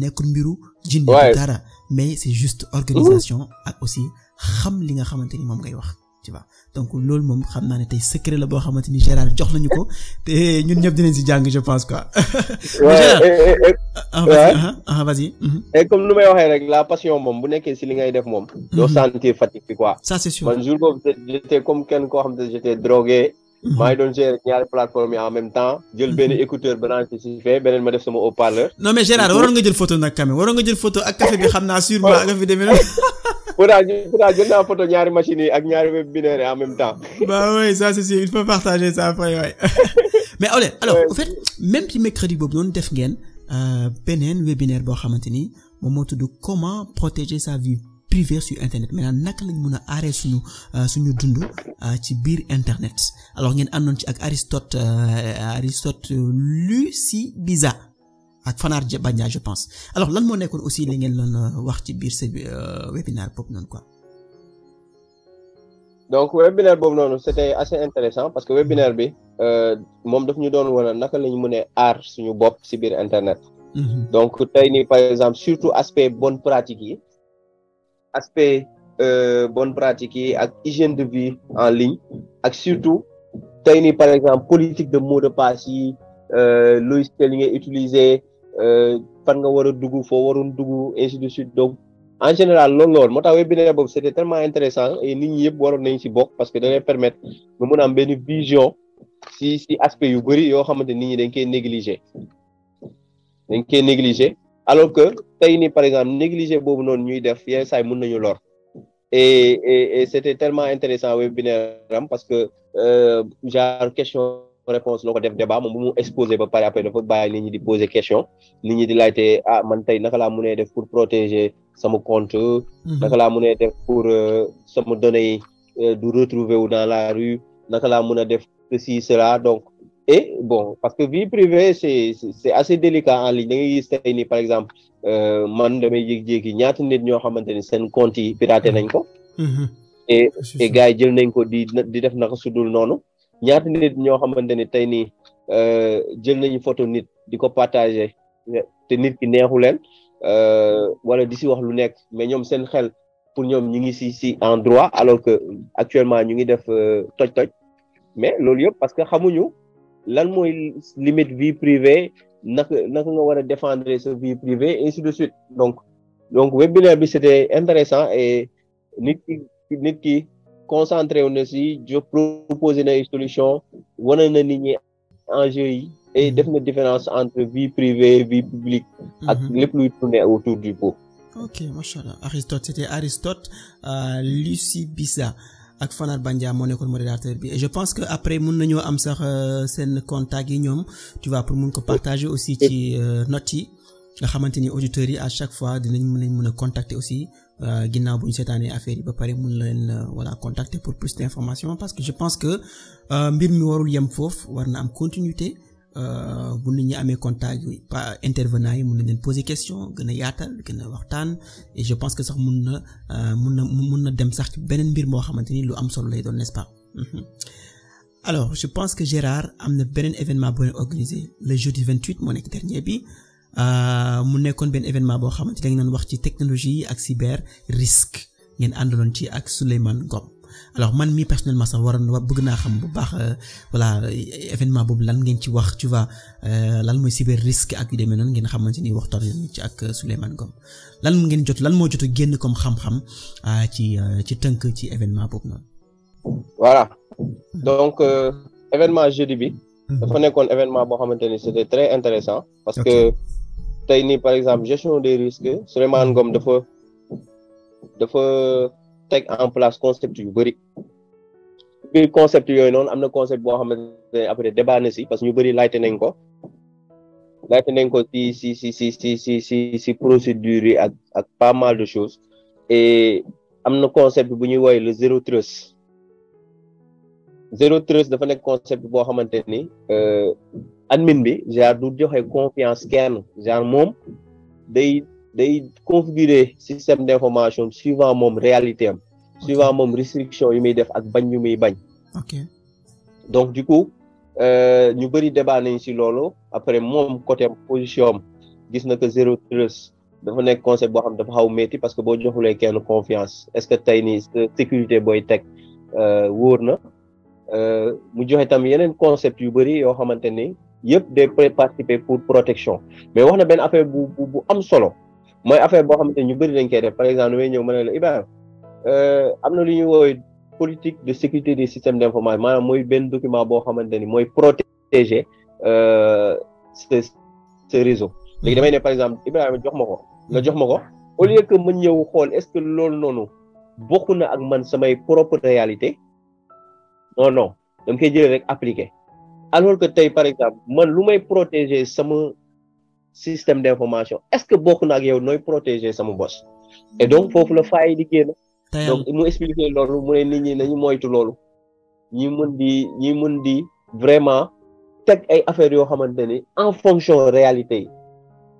nekkul mbiru jinne dara mais c'est juste organisation ak aussi xam li nga xamante ni moom ngay wax tu vois loolu moom xam naa ne tey secret la boo xamante ni Gérard jox nañu ko te ñun ñëpp dinañ si jàng je pense quoi. mais Gérard ah vas-y ah, ah, mhm. et comme nu may waxee rek la passion moom bu nekkee si li ngay def moom. loo mhm. sentir fatigue bi quoi. ça c'est sûr man jour boobu j'étais comme kenn koo xam ne j'étais drogué. Mhm. maa ngi doon gérer ñaari plateforme yi en même temps jël benn écouteur branché si fee beneen ma def sama haut-parleur. non mais Gérard waroon nga jël photo nag quand même waroon nga jël Pour pourtant jël naa photo ñaari machines yi ak ñaari web en même temps. bah oui ça c'est sûr il faut partager ça après ouais. mais allez, alors en fait même si mercredi boobu noonu def ngeen euh, webinaire boo xamante ni moom moo comment protéger sa vie privée sur internet maintenant naka lañ mën a aaree suñu euh, suñu dund euh, ci biir internet alors ngeen àndoon ci ak Aristote euh, Aristote Biza ak Fanar bagna je pense alors lan mo aussi li ngeen euh, wax ci webinaire pop non quoi. donc webinaire Bob non, c'était assez intéressant parce que webinaire bi euh, mom daf ñu doon wane naka la ñu mën suñu internet. Mm-hmm. donc tey par exemple surtout aspect bonne pratique aspect euh, bonne pratique yi ak hygiène de vie en ligne ak surtout tey par exemple politique de mot de passe yi logiciel yi ngay euh, fan nga war a dugg foo waroon dugg ainsi de suite donc en général loolu lool moo tax webinaire boobu c'était tellement intéressant et nit ñi yëpp waroon nañ ci bokk parce que da lay permettre nga mën am benn vision ci ci aspect yu bëri yoo xamante nit ñi dañ koy négliger dañ koy négliger alors que tey par exemple négliger boobu noonu ñuy def yenn saa yi nañu lor et et et c'était tellement intéressant webinaire am parce que euh, genre question réponse la def débat moom bu mu exposé ba pare après dafa bàyyi nit ñi di poser question nit ñi di laité ah man tay naka la mune def pour protéger sama compte mhm. naka la mune def pour euh, sama données yi euh, du retrouver ou dans la rue naka la mën def ceci cela donc et bon parce que vie privée c'est c'est assez délicat en ligne da ngay gis ni par exemple euh, man damay jékki-jékki ñaata nit ñoo xamante ni compte yi piraté nañ ko mhm. et et gars yi jël nañ ko di di def naka sudul nonou ñaata nit ñoo xamante ni euh, jël nañu photo nit partager te nit ki neexu leen euh, wala wax lu pour en alors que actuellement ngi def euh, mais loolu parce que xamuñu lan limite vie privée nga défendre sa vie privée ainsi de suite donc donc webinaire bi c'était intéressant et nit concentrer on na je propose une solution On na nit ñi enjeu yi et mm-hmm. def na différence entre vie privée vie publique ak mm-hmm. lépp luy tourner autour du pot ok macha Aristote c'était Aristote euh, Lucie Bissa ak Fanar Bandia mon nekkoon modérateur bi et je pense que après mun nañoo am sax euh, seen contact yi ñoom tu vois pour mun ko partager aussi ci euh, notes nga xamante ni auditeurs yi à chaque fois dinañ mën mën a contacter aussi euh, ginnaaw bu ñu seetaanee affaire yi ba pare mën leen euh, voilà contacter pour plus d'informations parce que je pense que euh, mbir mi warul yem foofu war na am continuité bu nit ñi amee contact pas intervenant yi mën nañ leen poser question gën a yaatal gën a waxtaan et je pense que sax mën na mën na mën na dem sax ci beneen mbir moo xamante ni lu am solo lay doon n'est-ce pas mhm. alors je pense que Gérard am na beneen événement boo leen organisé le jeudi 28 moo nekk dernier bi euh, mu nekkoon benn événement boo xamante dañ naan wax ci technologie ak cyber risque ngeen àndaloon ci ak Souleymane Ngom alors man mi personnellement sax waroon na bëgg naa xam bu baax euh, voilà événement boobu lan ngeen ci wax tu vois euh, lan mooy cyber risque ak yu demee noonu ngeen xamante ni waxtaan ci ak Souleymane Gom lan ngeen jot lan moo jotu génn comme xam-xam ci ci tënk ci événement boobu noonu. voilà donc événement jeudi bi. Mm-hmm. dafa nekkoon événement boo xamante ni c'était très intéressant parce que. tey nii par exemple gestion des risques Souleymane Ngom dafa dafa teg en place concept yu bëri biir concept yooyu noonu am na concept boo xamante ne après débat si parce que ñu bëri laajte nañ ko laajte nañ ko si si si si si si si procédure yi ak ak pas mal de choses et am na concept bu ñuy woowee le zéro trust zéro trust dafa nekk concept boo xamante ni euh, admin bi genre du joxe confiance kenn genre moom day day configurer système d'information suivant moom réalité am suivant moom restriction yu muy def ak bañ yu muy bañ ok donc du coup euh, ñu bëri débat nañ ci loolu après moom côté position am gis na que zero trust dafa nekk concept boo xam dafa xaw metti parce que boo joxulee kenn confiance est-ce que tey nii sécurité booy teg euh, wóor na euh, mu joxe tam yeneen concept yu bëri yoo xamante ni yëpp day participer pour protection mais wax na benn affaire bu bu am solo mooy affaire boo xamante ñu bëri dañ koy def par exemple may ñëw ma ne euh, am na lu ñuy woowee politique de sécurité des systèmes d'information mooy benn document boo xamante ni mooy protéger euh, ce ce réseau léegi damay ne par exemple Ibrahima jox ma ko nga jox ma ko au lieu que ma ñëw xool est-ce que loolu noonu bokk na ak man samay propre réalité non non dama koy jëlee rek appliquer alors que tay par exemple man lu may protéger sama système d'information est-ce que bokk na ak yow noy protéger sama boss et donc fofu le fay di guen donc mu expliquer lolu mu ne nit ñi nañu moytu lolu ñi mën di ñi mën di vraiment tek ay affaire yo xamante en fonction réalité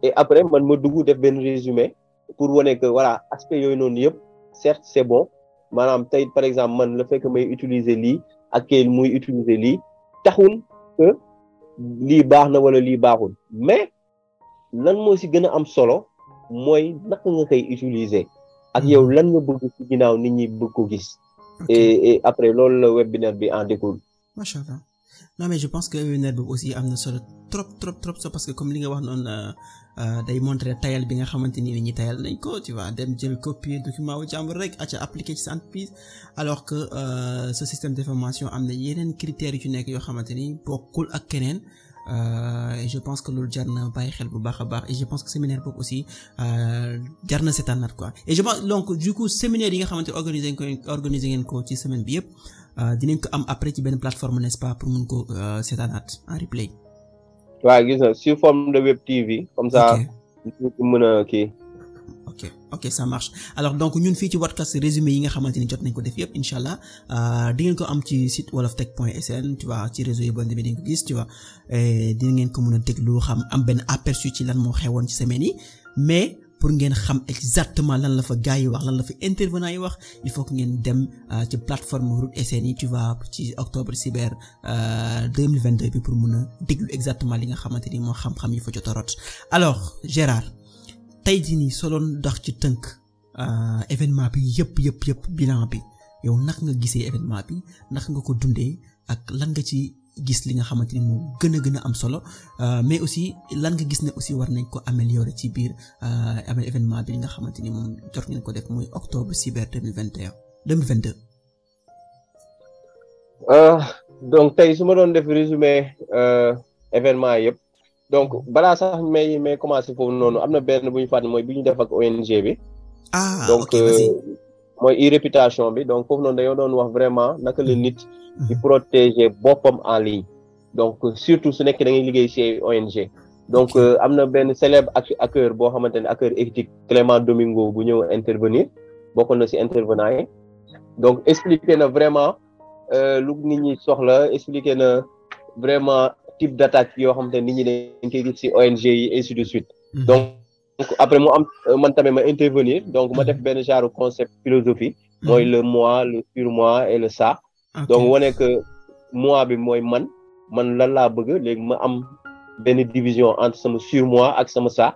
et après man ma dugg def ben résumé pour woné que voilà aspect yooyu noonu yépp certes c'est bon manam tay par exemple man le fait que may utiliser li ak kii muy utiliser li taxul Li bar nan wale li bar koun Me Lan mwen si gana amsolo Mwen lak nge kèy itulize Ak yow lan nge boukou koukina Nini boukou kis E apre lol webinar bi an dekou Mashallah non mais je pense que webinaire boobu aussi am na solo trop trop trop so parce que comme li nga wax non euh, euh, day montrer tayal bi nga xamanteni ni ñi tayal nañ ko tu vois dem jël copier document wu jàmbur rek aca appliquer ci sa entreprise alors que euh, ce système d'information am na yeneen critères yu nekk yoo xamanteni ni bokkul ak keneen euh, et je pense que loolu jar na bàyyi xel bu baax a et je pense que séminaire boobu aussi euh, na seetaanaat quoi et je pense donc du coup séminaire yi nga xamante organisé ngeen ko organisé ngeen ko ci semaine bi yëpp euh, dinañ ko am après ci benn plateforme n'est-ce pas pour mun ko euh, seetaanaat en replay. waaw gis na sur forme de web TV. comme ça mën a kii. ok ok ça marche alors donc ñun fii ci podcast résumé yi nga xamante ni jot nañ ko def yëpp incha allah euh, di ngeen ko am ci site woloftech.sn tu vois ci réseau yi bon demee di ko gis tu vois dina ngeen ko mën a déglu xam am benn aperçu ci lan moo xewoon ci semaine yi mais. pour ngeen xam exactement lan la fa gars yi wax lan la fa intervenant yi wax il faut ngeen dem euh, ci plateforme Root SN yi tu vas ci octobre cyber 2022 euh, bi pour mun a déglu exactement li nga xamante ni moo xam-xam yi fa jot a rot alors Gérard tey jii nii soo doon dox ci tënk euh, événement bi yëpp yëpp yëpp bilan bi yow naka nga gisee événement bi naka nga ko dundee ak lan nga ci. gis li nga xamante ni moo gën am solo euh, mais aussi lan nga gis ne aussi war nañ ko améliorer ci biir euh, amel événement bi nga xamante ni moom jot ngeen ko def muy octobre cyber 2021 2022 euh donc tey su ma doon def résumé euh événement yëpp donc balaa sax may may commencé foofu noonu am benn bu ñu fàtte mooy def ak ONG bi ah donc okay, euh, moy irréputation bi donc non da dañoo don wax vraiment naka le hmm. nit di hmm. protéger bopam en ligne donc euh, surtout su nek da ngay liggéey ci ONG donc euh, am na benn célèbre acteur bo xamante acteur éthique Clément Domingo bu ñëw intervenir bokkoon na ci intervenant yi donc expliquer na vraiment euh, lu nit ñi soxla expliquer na vraiment type d'attaque yo xamante ne nit ñi dañ koy gis ci ONG yi ainsi de suite hmm. donc donc après moi am euh, man tamit ma intervenir donc ma def benn genre concept philosophie mooy mhm. le moi le surmoi et le ça donc wane que moi bi mooy man man lan laa bëgg léegi ma am benn division entre sama surmoi ak sama ça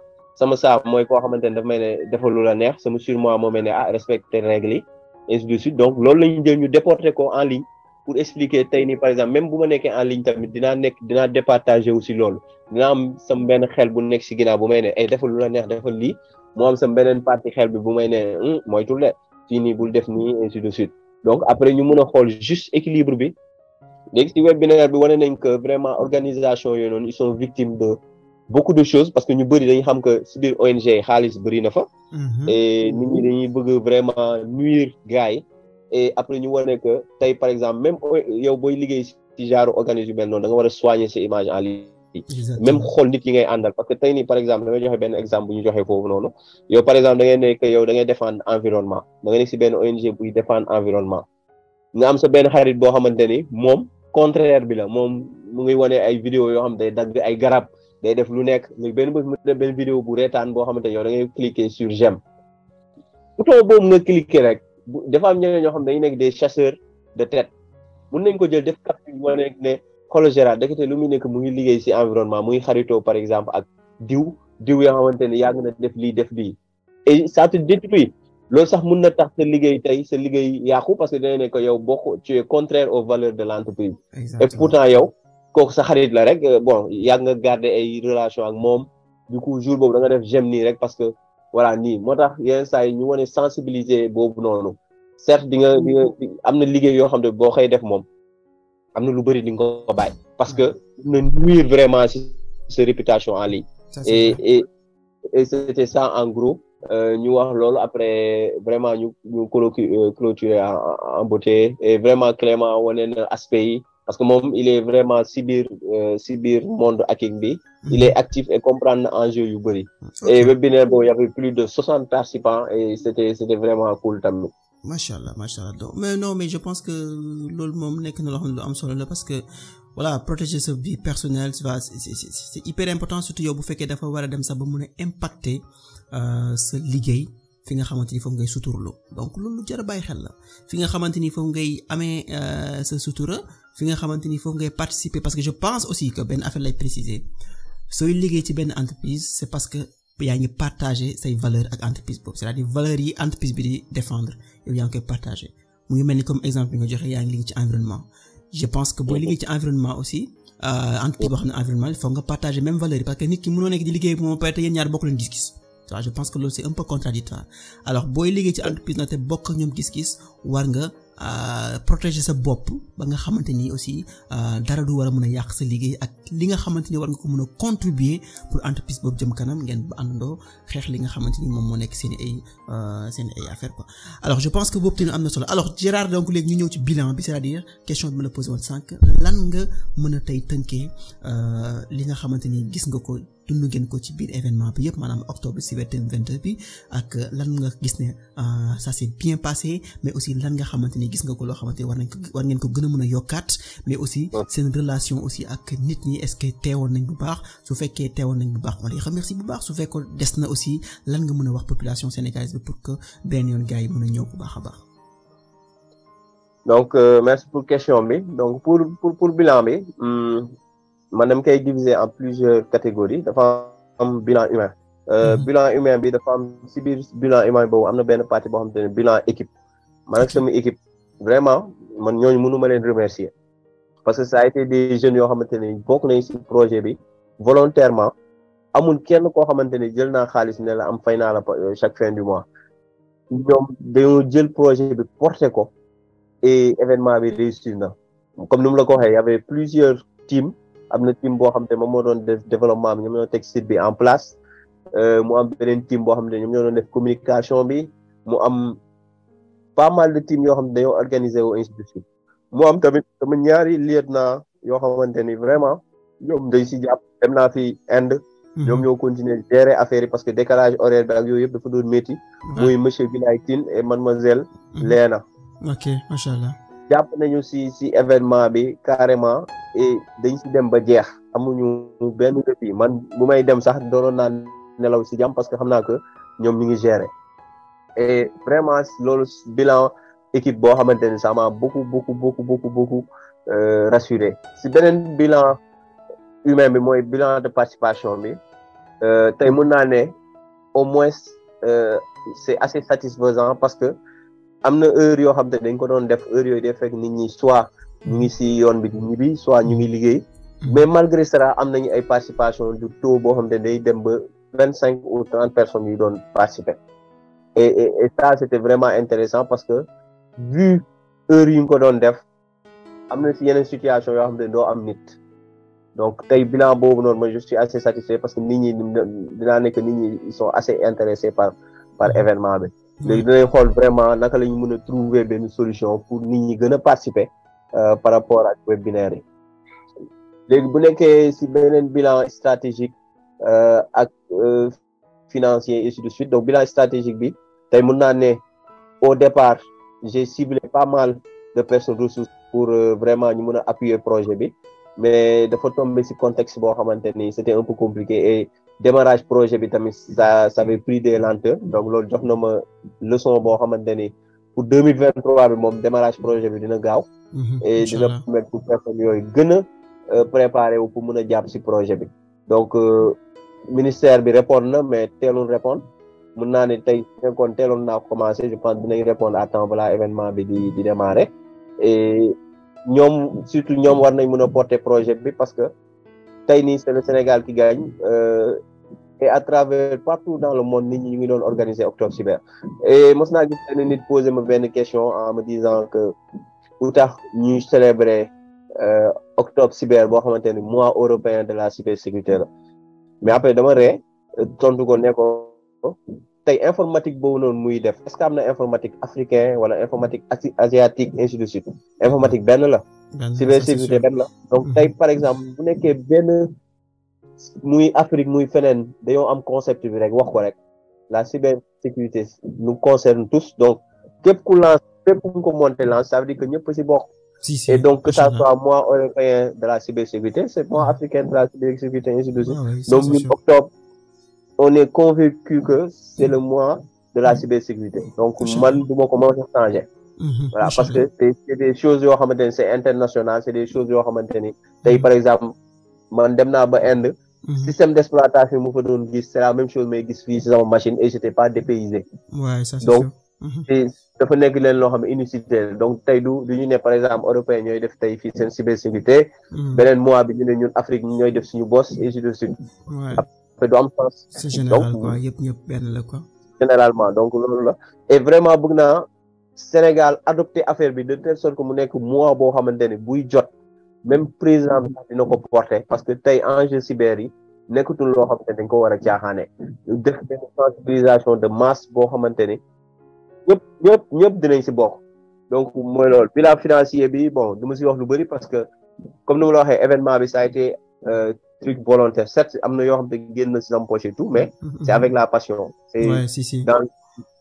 sama ça mooy koo xamante ne daf may ne defal lu la neex sama surmoi moo may ne ah respecter règles yi ainsi de suite donc loolu lañu jël ñu déporter ko en ligne pour expliquer tey nii par exemple même bu ma nekkee en ligne tamit dinaa nekk dinaa départager wu si loolu dinaa sam benn xel bu nekk si ginnaaw bu may ne ay eh, deful lu la neex defal lii moom am sam beneen partie xel bi bu may ne hmm, moytul de fii nii bul def nii ainsi de suite donc après ñu mun a xool juste équilibre bi léegi si webinaire bi wane nañ que vraiment organisation yooyu noonu ils sont victimes de beaucoup de choses parce que ñu bëri dañu xam que si biir ONG xaalis bëri na fa. Mm-hmm. et nit ñi bëgg vraiment nuire gars yi et après ñu wane que tey par exemple même yow booy liggéey ci genre organisme yu mel noonu war a soigner sa image en ligne même xool nit yi ngay àndal parce que tey nii par exemple da ngay joxe benn exemple bu ñu joxe foofu noonu yow par exemple da ngay nekk yow da ngay défendre environnement da nekk si benn ONG buy défendre environnement nga am sa benn xarit boo xamante ni moom contraire bi la moom mu ngi wane ay vidéo yoo xam day dagg ay garab day def lu nekk léegi benn bés mu def benn vidéo bu reetaan boo xamante yow da ngay cliquer sur j'aime bouton boobu nga cliquer bu dafa am ñeneen ñoo xam ne dañu nekk des chasseurs de tête mun nañ ko jël def capture wane ne Cologera dakate lu muy nekk mu ngi liggéey ci environnement muy xaritoo par exemple ak diw diw yoo xamante yàgg na def lii def lii et ça te détruit loolu sax mun na tax sa liggéey tey sa liggéey yàqu parce que dana ne ko yow bokk tu es contraire aux valeurs de l'entreprise et pourtant ko kooku sa xarit la rek bon yàgg nga garder ay relation ak moom du coup jour boobu da nga def j'aime nii rek voilà nii moo tax yenn saa yi ñu wane sensibiliser boobu noonu certes di nga di nga am na liggéey yoo xam ne boo koy def moom am na lu bëri di nga ko bàyyi parce que na nuire vraiment si sa réputation en ligne et et et c'était ça en gros euh, ñu wax loolu après vraiment ñu ñu euh, clôturer en beauté et vraiment Clément wane na aspect yi parce que mon il est vraiment sibir euh, sibir monde hacking bi il est mhm. actif et comprend na enjeu yu Et et webinaire il y avait plus de 60 participants et c'était c'était vraiment cool tamit macha allah mais non mais je pense que lol moment nek na loo xam am solo parce que voilà protéger sa vie personnelle c'est hyper important surtout yo bu féké dafa wara dem sa ba mun a impacter euh, sa fi nga xamante ni foofu ngay suturlu donc loolu jar a bàyyi xel la fi nga xamante ni foofu ngay amee euh, sa sutura fi nga xamante ni foofu ngay participer parce que je pense aussi que benn affaire lay préciser sooy liggéey ci benn entreprise c'est parce que yaa ngi partager say valeur ak entreprise boobu c'est-à-dire valeurs yi entreprise bi di défendre yow yaa ngi koy partager mu ngi mel ni comme exemple bi nga joxe yaa ngi liggéey ci environnement je pense que booy liggéey ci environnement aussi euh, entreprise boo xam ne environnement il faut nga partager même valeur yi parce que nit ki mënoo nekk di liggéey moom peut-être yéen ñaar bokk leen gis-gis tu vois je pense que c'est un peu contradictoire alors boy ligue ci entreprise nag te bokk ak ñoom gis-gis war nga euh, protéger sa bop ba nga xamanteni aussi euh, dara du wara mëna yaq sa ligue ak li nga xamanteni war nga ko mëna contribuer pour entreprise bop jëm kanam ngeen ba ando xex li nga xamanteni mom mo nek seen ay euh, seen ay affaire quoi alors je pense que boobu tamit am na solo alors Gérard donc léegi ñu ñëw ci bilan bi c'est-à-dire question bi me la poser woon sank lan nga mëna tay tey tënkee li nga xamanteni gis nga ko dund ngeen ko ci biir événement bi yëpp maanaam octobre si wetem 22 bi ak lan nga gis ne euh, ça s'est bien passé mais aussi lan nga xamante ni gis nga ko loo xamante war nañ war ngeen ko gën a mën a yokkaat mais aussi seen relation aussi ak nit ñi est-ce que teewoon nañ bu baax su fekkee teewoon nañ bu baax wala remercie bu baax su fekkee des na aussi lan nga mën a wax population sénégalaise bi pour que benn yoon gars yi mën a ñëw bu baax a baax donc euh, merci pour question bi donc pour pour pour bilan bi hmm, man dama koy diviser en plusieurs catégories dafa am bilan humain euh, mhm. bilan humain bi dafa am si biir bilan humain boobu am na benn partie boo xamante ne bilan équipe man ak sama équipe vraiment man ñooñu mënu ma leen remercier parce que ça a été des jeunes yoo xamante ni bokk nañ si projet bi volontairement amul kenn koo xamante ni jël naa xaalis ne la am fay naa la euh, chaque fin du mois ñoom dañoo jël projet bi porté ko et événement bi réussir na comme nous mu la ko waxee y avait plusieurs teams am na team boo xam te moom moo doon def développement bi ñoom ñoo teg site bi en place euh, mu am beneen team boo xam te ñoom ñoo doon def communication bi mu am pas mal de team yoo xam ne dañoo organiser wu institution mu am tamit sama ñaari lieutenant yoo xamante ni vraiment ñoom dañ si jàpp dem naa fi Inde. Hmm. ñoo continuer gérer affaire yi parce que décalage horaire bi ak yooyu yëpp dafa doon métti. Ah. muy monsieur Bilay Tine et mademoiselle hmm. Léna. ok macha allah. jàpp nañu si si événement bi carrément. et dañ si dem ba jeex amuñu benn bu may dem sax dooroon naa nelaw si jàmm parce que xam naa que ñoom ñu ngi gérer et vraiment loolu bilan équipe boo xamante ne ça buku buku beaucoup beaucoup beaucoup beaucoup euh, rassuré si beneen bilan humain bi mooy bilan de participation bi euh, tey mun naa ne au moins euh, c'est assez satisfaisant parce que am na heure yoo xam te dañ ko doon def heure yooyu day fekk nit ñi soit ñu ngi si yoon bi di soit ñu ngi liggéey mm-hmm. mais malgré cela am nañu ay participation du taux boo xam ne day dem ba vingt cinq ou trente personnes yu doon participer et et ça c'était vraiment intéressant parce que vu heure yi ñu ko doon def am na si yeneen situation yoo xam ne doo am nit donc tey bilan boobu noonu mooy je suis assez satisfait parce que nit ñi dinaa nekk nit ñi ils sont assez intéressés par par événement bi mm-hmm. léegi dinañ xool vraiment naka la ñu mën a trouver benn solution pour nit ñi gën a participer Euh, par rapport ak webinaire yi bu nekkee si beneen bilan stratégique euh, ak euh, financier et ainsi de suite donc bilan stratégique bi tey mun naa ne au départ j'ai ciblé pas mal de personnes ressources pour vraiment ñu mun a appuyer projet bi mais dafa tombé si contexte boo xamante ni c'était un peu compliqué et démarrage projet bi tamit ça ça pris des lenteurs donc loolu jox na ma leçon boo xamante ni pour deux mille vingt trois bi moom démarrage projet bi dina gaaw. Mhm, et dina permettre pour personnes yooyu gën a euh, préparer wu pour mën a jàpp si projet bi. donc euh, ministère bi répondre na mais teelul répondre mën naa ne tey fekkoon teeloon naa commencé je pense dinañ répondre à temps balaa événement bi di di démarrer et ñoom surtout ñoom war nañ mën a porter projet bi parce que tey nii c'est Sénégal qui gagne. Euh, et à travers partout dans le monde nit ñi ñu ngi doon organiser Octobre Cyber et mos naa gis benn nit posé ma benn question en me disant que lu tax ñuy célébrer euh, Octobre Cyber boo xamante ni mois européen de la cybersécurité la mais après dama ree tontu ko ne ko tey informatique boobu noonu muy def est-ce que am na informatique africain wala informatique asiatique ainsi de suite informatique benn la cybersécurité benn la donc hmm. tey par exemple bu nekkee benn muy Afrique muy feneen dañoo am concept bi rek wax ko rek la cybersécurité nous concerne tous donc képp ku lance képp ku ko lance ça veut dire que ñëpp si bokk. et donc que ça soit moi européen de la cybersécurité c'est moi africain de la cybersécurité ainsi ah donc ñun octobre on est convaincu que c'est le mois de la mm. cybersécurité donc man du ma ko changer. Mm-hmm. voilà parce que c'est des choses yoo xamante ni c'est international c'est des choses yoo xamante ni tey mm-hmm. par exemple man dem naa ba Inde. Mhm. système d' exploitation mu fa doon gis c' est la même chose mais gis fii si sama machine et j'étais pas dépaysé. Ouais, donc mhm. dafa nekk leen loo xam ne unicité donc tey du du ñu ne par exemple européen ñooy def tey fii seen cybersécurité. Mhm. beneen mois bi ñu ne ñun Afrique ñooy def suñu boss et ainsi de suite. après du am sens. c'est généralement donc loolu la et vraiment bëgg naa Sénégal adopté affaire bi de telle sorte que mu nekk mois boo xamante ne buy jot. même président bi dina ko porter parce que tay enjeu cyber yi nekkatul lo xamné ne dañ ko war a def ben sensibilisation de masse bo xamante ni ñep ñep ñep dinañ ci bok donc mooy loolu bilan financier bi bon duma ma si wax lu bari parce que comme nous l'avons événement bi ça a été euh, truc volontaire certes am na yoo xam te génn poche et tout mais mm-hmm. c'est avec la passion c'est dans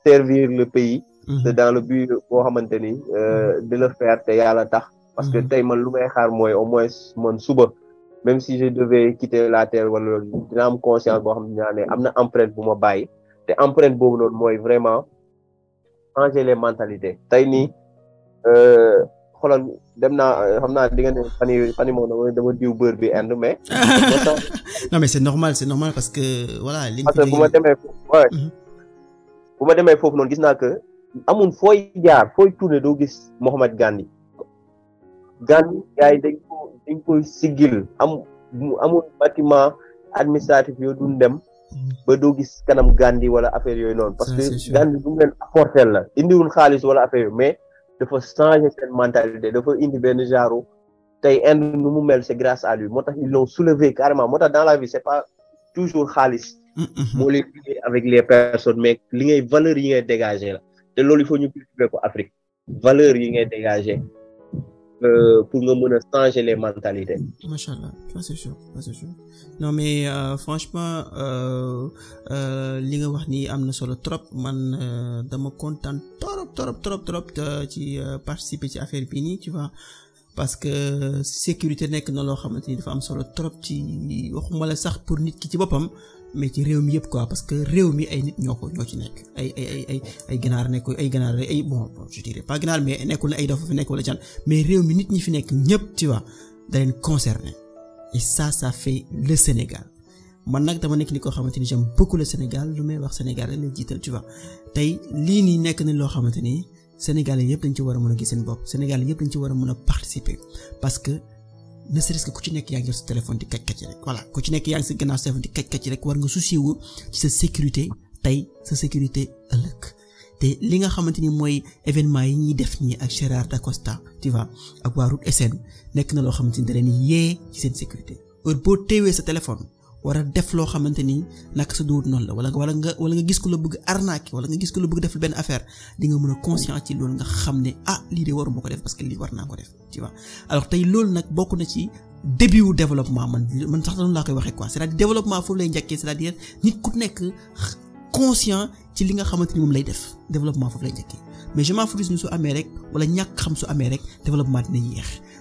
servir le pays mm-hmm. c'est dans le but boo xamante ni euh, mm-hmm. de le faire te yàlla tax parce que mhm. tey man lu xaar moy au moins man suba même si je devais quitter la terre wala loolu dina am conscience bo xamni ñane amna na empreinte bu ma bàyyi te empreinte boobu noonu mooy vraiment changer les mentalités tey nii euh, xoolal dem naa euh, xam naa di nga ne fan yii fan yii moom dama diw beurre bi ànd mais. non mais c'est normal c'est normal parce que voilà. li nga parce que bu ma demee foofu. Mhm. bu ma demee foofu noonu gis naa que amul fooy jaar fooy tourner doo gis Mohamed Gandhi. gan gars yi dañ ko koy siggil am amul bâtiment administratif yoo duñ dem ba doo gis kanam gandi wala affaire yooyu noonu parce que Gandhi bu mu leen apporter la indiwul xaalis wala affaire yooyu mais dafa changer seen mentalité dafa indi benn genre tey Inde nu mu mel c'est grâce à lui moo tax ils l'ont soulevé carrément moo tax dans la vie c'est pas toujours xaalis mm-hmm. moo leen liggéey avec les personnes mais li ngay valeurs yi ngay dégager la te loolu il faut ñu cultiver ko Afrique valeurs yi ngay dégager Euh, pour nous mener changer les mentalités. Machallah, ça c'est sûr ça c'est sûr non mais euh, franchement euh, euh, li nga wax ni am na solo trop man dama content. trop trop trop trop ci participer ci affaire bi tu vois. parce que sécurité dans na loo xamante ni dafa am solo trop ci waxuma la sax pour nit ki ci boppam mais ci réew mi yëpp quoi parce que réew mi ay nit ñoo ko ñoo ci nekk ay ay ay ay ay ganaar nekk ay ganaar ay bon je dirais pas ganaar mais nekkul ne ay dafa fi nekk wala can mais réew mi nit ñi fi nekk ñëpp tu vois da leen concerné et ça ça fait le Sénégal man nag dama nekk ni koo xamante ni j'aime beaucoup le Sénégal lu may wax Sénégal dañ lay jiital tu vois tey lii nii nekk na loo xamante ni Sénégalais yëpp dañ ci war a mën a gis seen bopp Sénégalais yëpp dañ ci war a mën a participer parce que ne serait ku ci nekk yaa ngi sa téléphone di kàcc kàcc rek voilà ku ci nekk yaa ngi sa gannaaw sa téléphone di kàcc kàcc rek war nga soucier wu ci sa sécurité tey sa sécurité ëllëg te li nga xamante ni mooy événement yi ñuy def nii ak Gérard Dacosta tu ak waa Route SN nekk na loo xamante ni da leen yee ci seen sécurité heure boo teewee sa téléphone. war a def loo xamante ni naka sa dóor noonu la wala wala nga wala nga gis ko la bëgg arnaque wala nga gis ko la bëgg def benn affaire di nga mën a conscient ci loolu nga xam ne ah lii de waruma ko def parce que lii war naa ko def tu vois alors tey loolu nag bokk na ci début wu développement man man sax noonu laa koy waxee quoi c'est-à-dire développement foofu lay njëkkee cest à nit ku nekk conscient ci li nga xamante ni moom lay def développement foofu lay njëkkee amee rek wala ñàkk xam su amee rek développement dina yéex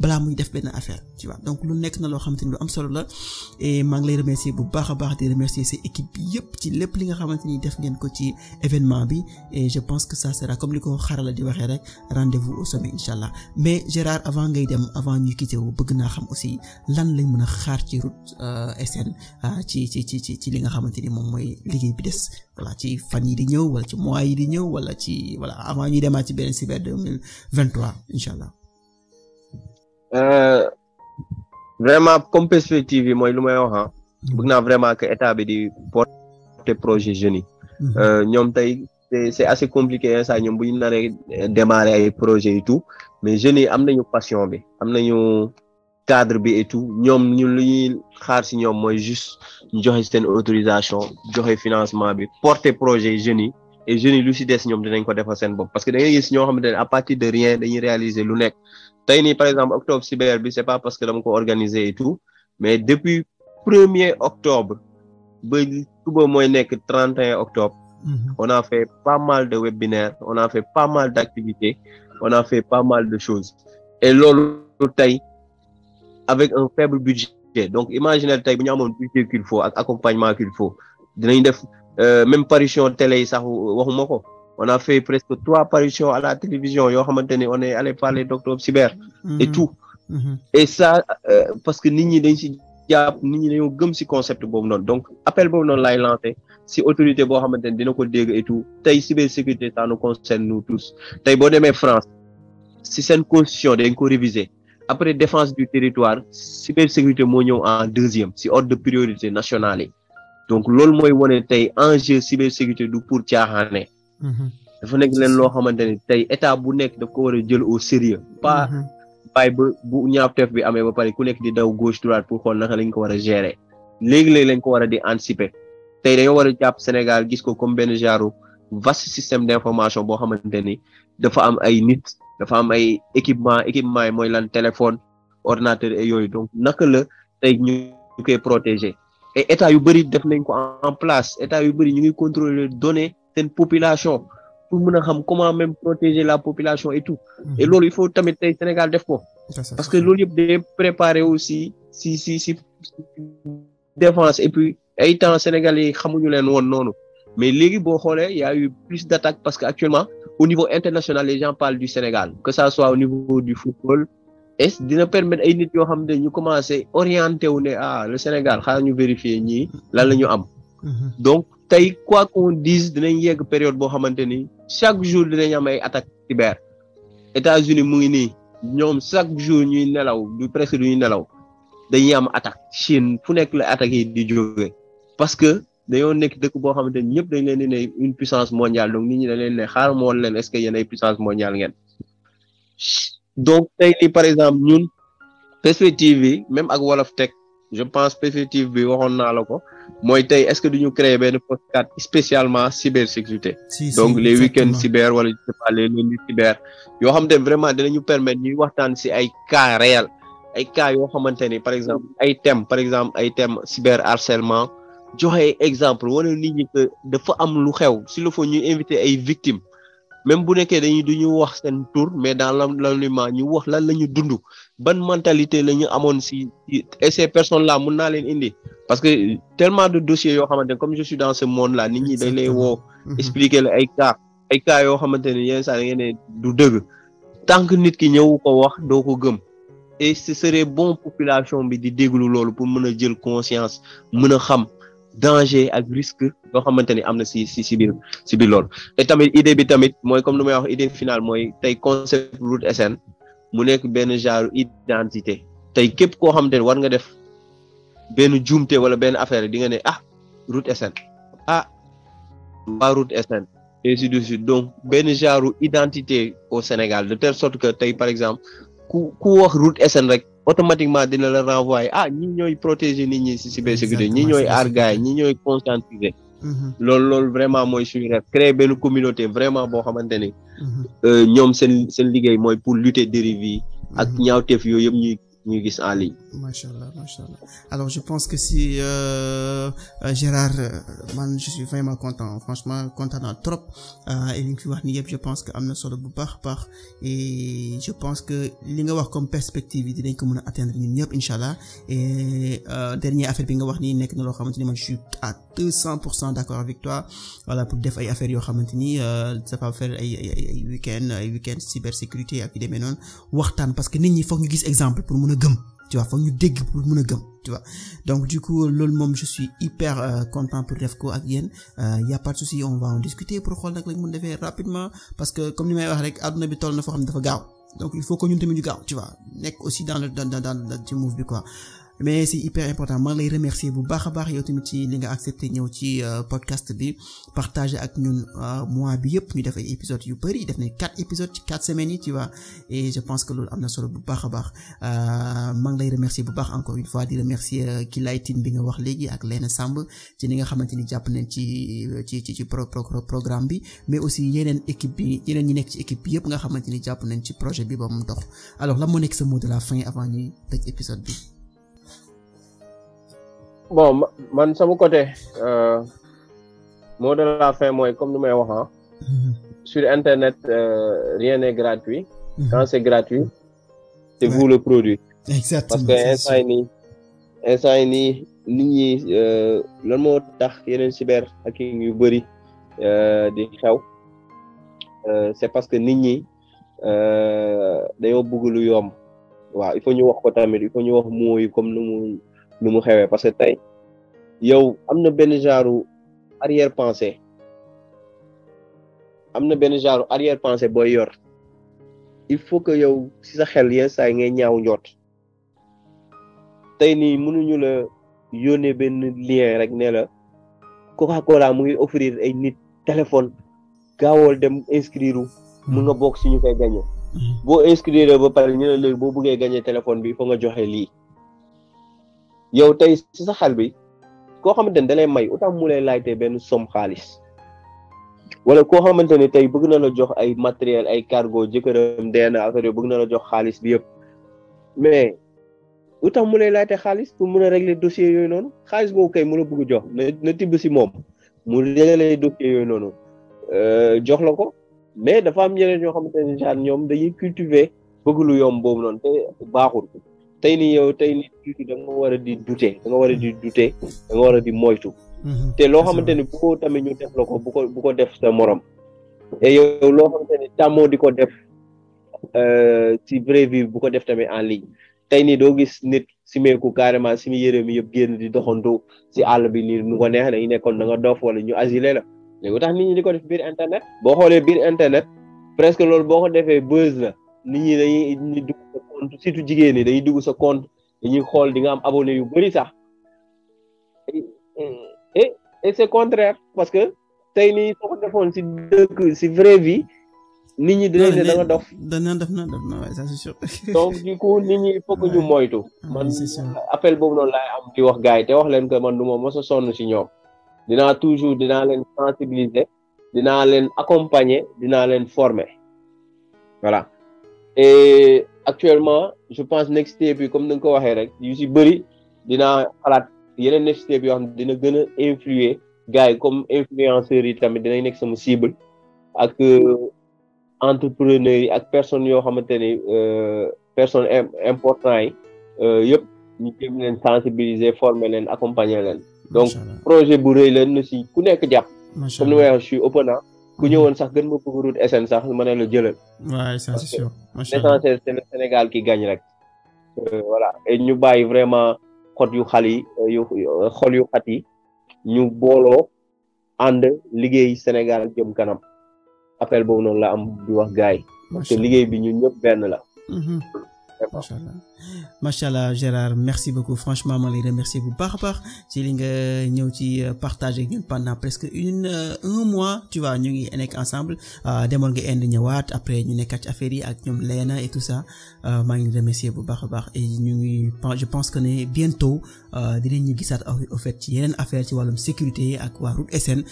balaa muy def benn affaire tu vois donc lu nekk na loo xamante ni lu am solo la et maa ngi lay remercier bu baax a baax di remercier sa équipe bi yëpp ci lépp li nga xamante ni def ngeen ko ci événement bi et je pense que ça sera comme li ko xarala di waxee rek rendez-vous au sommet incha allah mais Gérard avant ngay dem avant ñu quitté wu bëgg naa xam aussi lan lañ mën a xaar ci route euh, SN euh, ci ci ci ci ci li nga xamante ni moom mooy liggéey bi des voilà ci fan yi di ñëw wala ci mois yi di ñëw wala ci voilà avant ñuy demaat ci benn cyber 2023 incha allah Euh, vraiment comme perspective yi mooy lu may wax ah. bëgg naa vraiment que état bi di porter projet jeunes yi. Mhm. Euh, ñoom tey c'est c'est assez compliqué hein ça ñoom bu ñu naree démarrer ay projets et tout mais jeunes yi am nañu passion bi am nañu cadre bi et tout ñoom ñun lu ñuy xaar si ñoom mooy juste ñu joxe seen autorisation joxe financement bi porter projet jeunes yi et jeunes yi lu si des ñoom dinañ ko defal seen bopp parce que da ngay gis ñoo xamante ne à partir de rien dañuy réaliser lu nek par exemple octobre cyber bi c'est pas parce que nous avons organisé, et tout mais depuis le octobre er octobre, 31 mhm. octobre. on a fait pas mal de webinaires on a fait pas mal d'activités on a fait pas mal de choses et lolo avec un faible budget donc imaginez tey bu ñu un budget qu'il faut un accompagnement qu'il faut euh, Même même parution télé ça on a fait presque trois apparitions à la télévision on est allé parler d'Octobre Cyber et mm-hmm. tout mm-hmm. et ça euh, parce que nous, avons dañ si ce concept donc appel boobu non laay lancé si autorité est en train dina ko et tout la cybersécurité ça nous concerne nous tous Si une question France si constitution réviser après défense du territoire cybersécurité est en deuxième C'est ordre de priorité nationale donc loolu est wane tey enjeu cybersécurité du pour caaxaane Mm-hmm. dafa nekk leen loo xamante ni tey état bu nekk daf ko war a jël au sérieux pas mm-hmm. bàyyi ba bu teef bi amee ba pare ku nekk di daw gauche droite pour xool naka lañ ko war a gérer léegi-léegi lañ ko war a di anticiper tey dañoo war a jàpp Sénégal gis ko comme benn genre vaste système d'information boo xamante ni dafa am ay nit dafa am ay équipement équipement yi mooy lan téléphone ordinateur et yooyu donc naka la tey ñu koy protégé état yu bëri def nañ ko en place état yu bëri ñu ngi contrôler données population pour le monde comment même protéger la population et tout et mhm. l'eau il faut tamit Sénégal def ko parce que loolu yëpp préparé préparer aussi si si si défense et puis ay temps Sénégal nous xamuñu non non non mais les xolé il y a eu plus d'attaques parce qu'actuellement au niveau international les gens parlent du Sénégal que ça soit au niveau du football et dina permettre ay nit yo xam de ñu commencer orienté wu est ah le Sénégal à nous vérifier ni lan la am mhm. donc tey quoi qu'on dise dinañ yegg période boo xamante ni chaque jour dinañ am ay attaque cyber États-Unis mu ngi nii ñoom chaque jour ñuy nelaw du presque duñuy nelaw dañuy am attaque Chine fu nekk la attaque yi di jóge parce que dañoo nekk dëkk boo xamante ni ñëpp dañ leen di ne une puissance mondiale donc nit ñi dañ leen ne xaar moo leen est-ce que yéen ay puissance mondiale donc tey nii par exemple ñun perspective bi même ak wolof teg je pense perspective bi waxoon naa la ko mooy tey est-ce que duñu créer benn podcast spécialement cybersécurité si, donc si, les week-ends cyber wala je sais pas les lundis cyber yoo xamante ne vraiment dinañu permettre ñuy waxtaan si ay cas réel ay cas yoo xamante ni par exemple ay thèmes par exemple ay thèmes cyber harcèlement joxe exemple wane nit ñi que dafa am lu xew si la fo ñuy invité ay victimes même bu nekkee dañuy du ñu wax seen tur mais dans l'anonymat ñu wax lan la ñu dund ban mentalité la ñu amoon si et ces personnes là mun naa leen indi parce que tellement de dossiers yoo xamante comme je suis dans ce monde là nit ñi dañ lay woo mhm. expliquer la ay cas ay cas yoo xamante ne yenn saa da ngeen ne du dëgg tant que nit ki ñëw ko wax doo ko gëm et ce serait bon population bi di déglu loolu pour mën a jël conscience mën a xam danger ak risque boo xamante ni am na si si si biir si biir loolu te tamit idée bi tamit mooy comme nu may wax idée finale mooy tey concept route SN mu nekk benn genre identité tey képp koo xamante ni war nga def benn juumte wala benn affaire di nga ne ah route SN ah waa route SN ainsi de suite donc benn genre identité au Sénégal de telle sorte que tey par exemple ku ku wax route SN rek automatiquement dina la renvoyer ah ñi ñooy protéger nit ñi si cybersécurité ñi ñooy aar gars yi ñi ñooy conscientiser mhm. loolu loolu vraiment mooy suñu ref créer benn communauté vraiment boo xamante ne mhm. euh, ñoom seen seen liggéey mooy pour lutter dérive yi ak mhm. ñaawteef yooyu yëpp ñuy alors je pense que si euh, euh, Gérard euh, je suis vraiment content franchement content trop et li ni je pense que am solo bu baax et je pense que li nga comme perspective yi dinañ ko atteindre ñun ñëpp et dernière affaire bi nga wax je suis à 200% d'accord avec toi voilà pour def ay affaires que ça va faire ay week-end cybersécurité parce que nit ñi gis exemple pour gëm tu vois foog ñu dégg pour mën a gëm tu vois donc du coup lool mom je suis hyper euh, content pour refco ak ak il y a pas de souci on va en discuter pour xool nag lañ mën rapidement parce que comme ni may wax rek aduna bi toll na foo xam dafa gaaw donc il faut que ñun tamit ñu gaaw tu vois nek aussi dans le dans dans dans ci move bi quoi mais c'est hyper important man lay remercier bu baax bax yow tamit ci li nga accepté ñëw ci euh, podcast bi partager ak ñun euh, mois bi yépp ñu def ay épisodes yu bari def nañ 4 épisodes ci 4 semaines yi tu vois et je pense que loolu am na solo bu baax bax euh maa lay remercier bu baax encore une fois di remercier euh, Kilay Tine bi nga wax légui ak Lena Samb ci li nga xamanteni japp nañ ci ci ci ci programme bi mais aussi yeneen équipe bi yeneen ñi nekk ci équipe bi yépp nga xamanteni japp nañ ci projet bi ba mu dox alors lan moo nekk sa mot de la fin avant ñuy tëj épisode bi. bon man sama côté euh, mot de la fin mooy comme ni may wax ah. mhm. sur internet euh, rien n'est gratuit. Mhm. quand c'est gratuit c'est ouais. le produit. exactement parce que instant yi nii instant yi nii nit ñi euh, lan moo tax yeneen cyber hacking yu bëri euh, di xew c'est parce que nit ñi dañoo bëgg lu yomb waaw il faut ñu wax ko tamit il faut ñu wax mooy comme numu nu mu xewee parce que tey yow am na benn genre arrière pensée am na benn genre arrière pensée booy yor il faut que yow si sa xel yenn saa yi ngay ñaaw njoot tey nii mënuñu la yónnee benn lien rek ne la Coca-Cola mu ngi offrir ay nit téléphone gaawal dem inscrire mun nga bokk si ñu koy gagné. Mm-hmm. boo inscrire ba pare ñu ne léegi boo bëggee gagné téléphone bi foo nga joxe lii. yow tey si sa xar bi koo xamante ne dalay may autant mu lay laajtee benn somme xaalis wala koo xamante ne tey bëgg na la jox ay matériel ay cargo jëkkëram deen affaire bëgg na la jox xaalis bi yëpp mais tax mu lay laajte xaalis pour mun a régler dossier yooyu noonu xaalis boobu kay mu la bëgg jox na na tibb si moom mu régler dossier yooyu noonu euh, jox la ko mais dafa am ñeneen ñoo ñoom dañuy cultiver bëgg lu yomb boobu noonu te baaxul tey ni yow tey ni tuuti da war a di dute da nga war a di dute da mm-hmm. di moytu mm-hmm. te loo xamante ni bu ko tamit ñu def ko bu ko bu ko def sa morom et yow loo xamante ni tàmmoo di ko def euh, ci vrai vie bu ko def tamit en ligne tey nii doo gis nit simeeku carrément simi yére mi yëpp génn di doxantu si àll bi nii nu ko neex dañu nekkoon da nga doof wala ñu asile la léegi tax ni ñi di ko def biir internet boo xoolee biir internet presque loolu boo ko defee buzz la nit ñi dañuy sa compte surtout jigéen ñi dañuy dugg sa compte dañuy xool di nga am abonné yu bëri sax et et c'est contraire parce que tey nii soo ko defoon si dëkk si vraie vie nit ñi da nga dof dana def na def na waaye ça c'est sûr donc du coup nit ñu moytu man appel boobu noonu laay am di wax gars yi te wax leen que man du ma mos sonn si ñoom dinaa toujours dinaa leen sensibiliser dinaa leen accompagner dinaa leen former voilà et actuellement je pense next step comme ni nga ko rek yu ci beuri dina xalaat yeneen next step yoo xam dina gëna influer gars comme influenceurs yi tamit dina nek sama cible ak euh, entrepreneurs ak personnes yo xamanteni euh personnes important yi euh, yëpp ñu jéem leen sensibiliser former leen accompagner leen donc projet bu rëy la nu si ku nekk japp comme ni je suis open hein. ku ñëwoon sax gën ma bëgg route SN sax ma ne la jëlal. waaw senegal c'est sûr rek. Euh, voilà ñu bàyyi vraiment xot yu xal yi euh, yu euh, xol yu xat yi ñu booloo ànd liggéey Sénégal jëm kanam appel boobu noonu la am di wax gars yi. parce que liggéey bi ñu ñëpp benn la. macha allah Machala, allah Gérard merci beaucoup franchement euh, euh, euh, ma lay remercier bu baax a baax ci li partager pendant presque une un mois tu vois nous ngi ensemble demoon nga indi après nous nekkat ci affaire avec nous, ñoom et tout ça maa ngi remercier bu baax a et nous je pense que ne bientôt dinañ ñu gisaat au fait ci affaire ci la sécurité ak waa route SN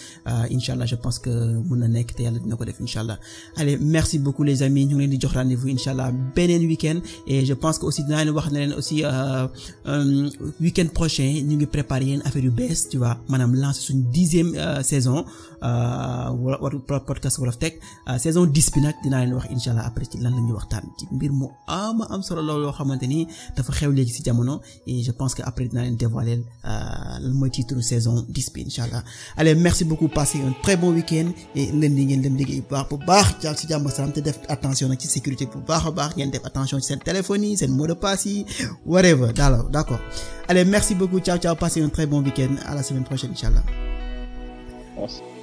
Inshallah, je pense que mun na nekk te yàlla allez merci beaucoup les amis Nous ngi leen de rendez-vous Inshallah. allah beneen week-end et je pense que aussi naa leen wax na leen aussi euh, euh, week-end prochain nous ngi préparer à affaire yu best tu vois maanaam suñu dixième euh, saison euh, wala podcast wolof tech euh, saison 10 bi nag dinaa leen wax incha allah après ci lan la ñuy waxtaan ci mbir mu ama am solo loolu loo xamante ni dafa xew léegi si jamono et je pense que après dinaa leen dévoiler euh, lan mooy titre saison 10 bi incha allah allez merci beaucoup passez un très bon week-end et lundi ngeen dem liggéey bu baax bu baax jàll si jàmm salaam te def attention nag ci sécurité bu baax a baax ngeen def attention ci seen téléphone yi seen mot de passe yi whatever d'accord allez merci beaucoup ciao ciao passez un très bon week-end à la semaine prochaine inshallah Merci.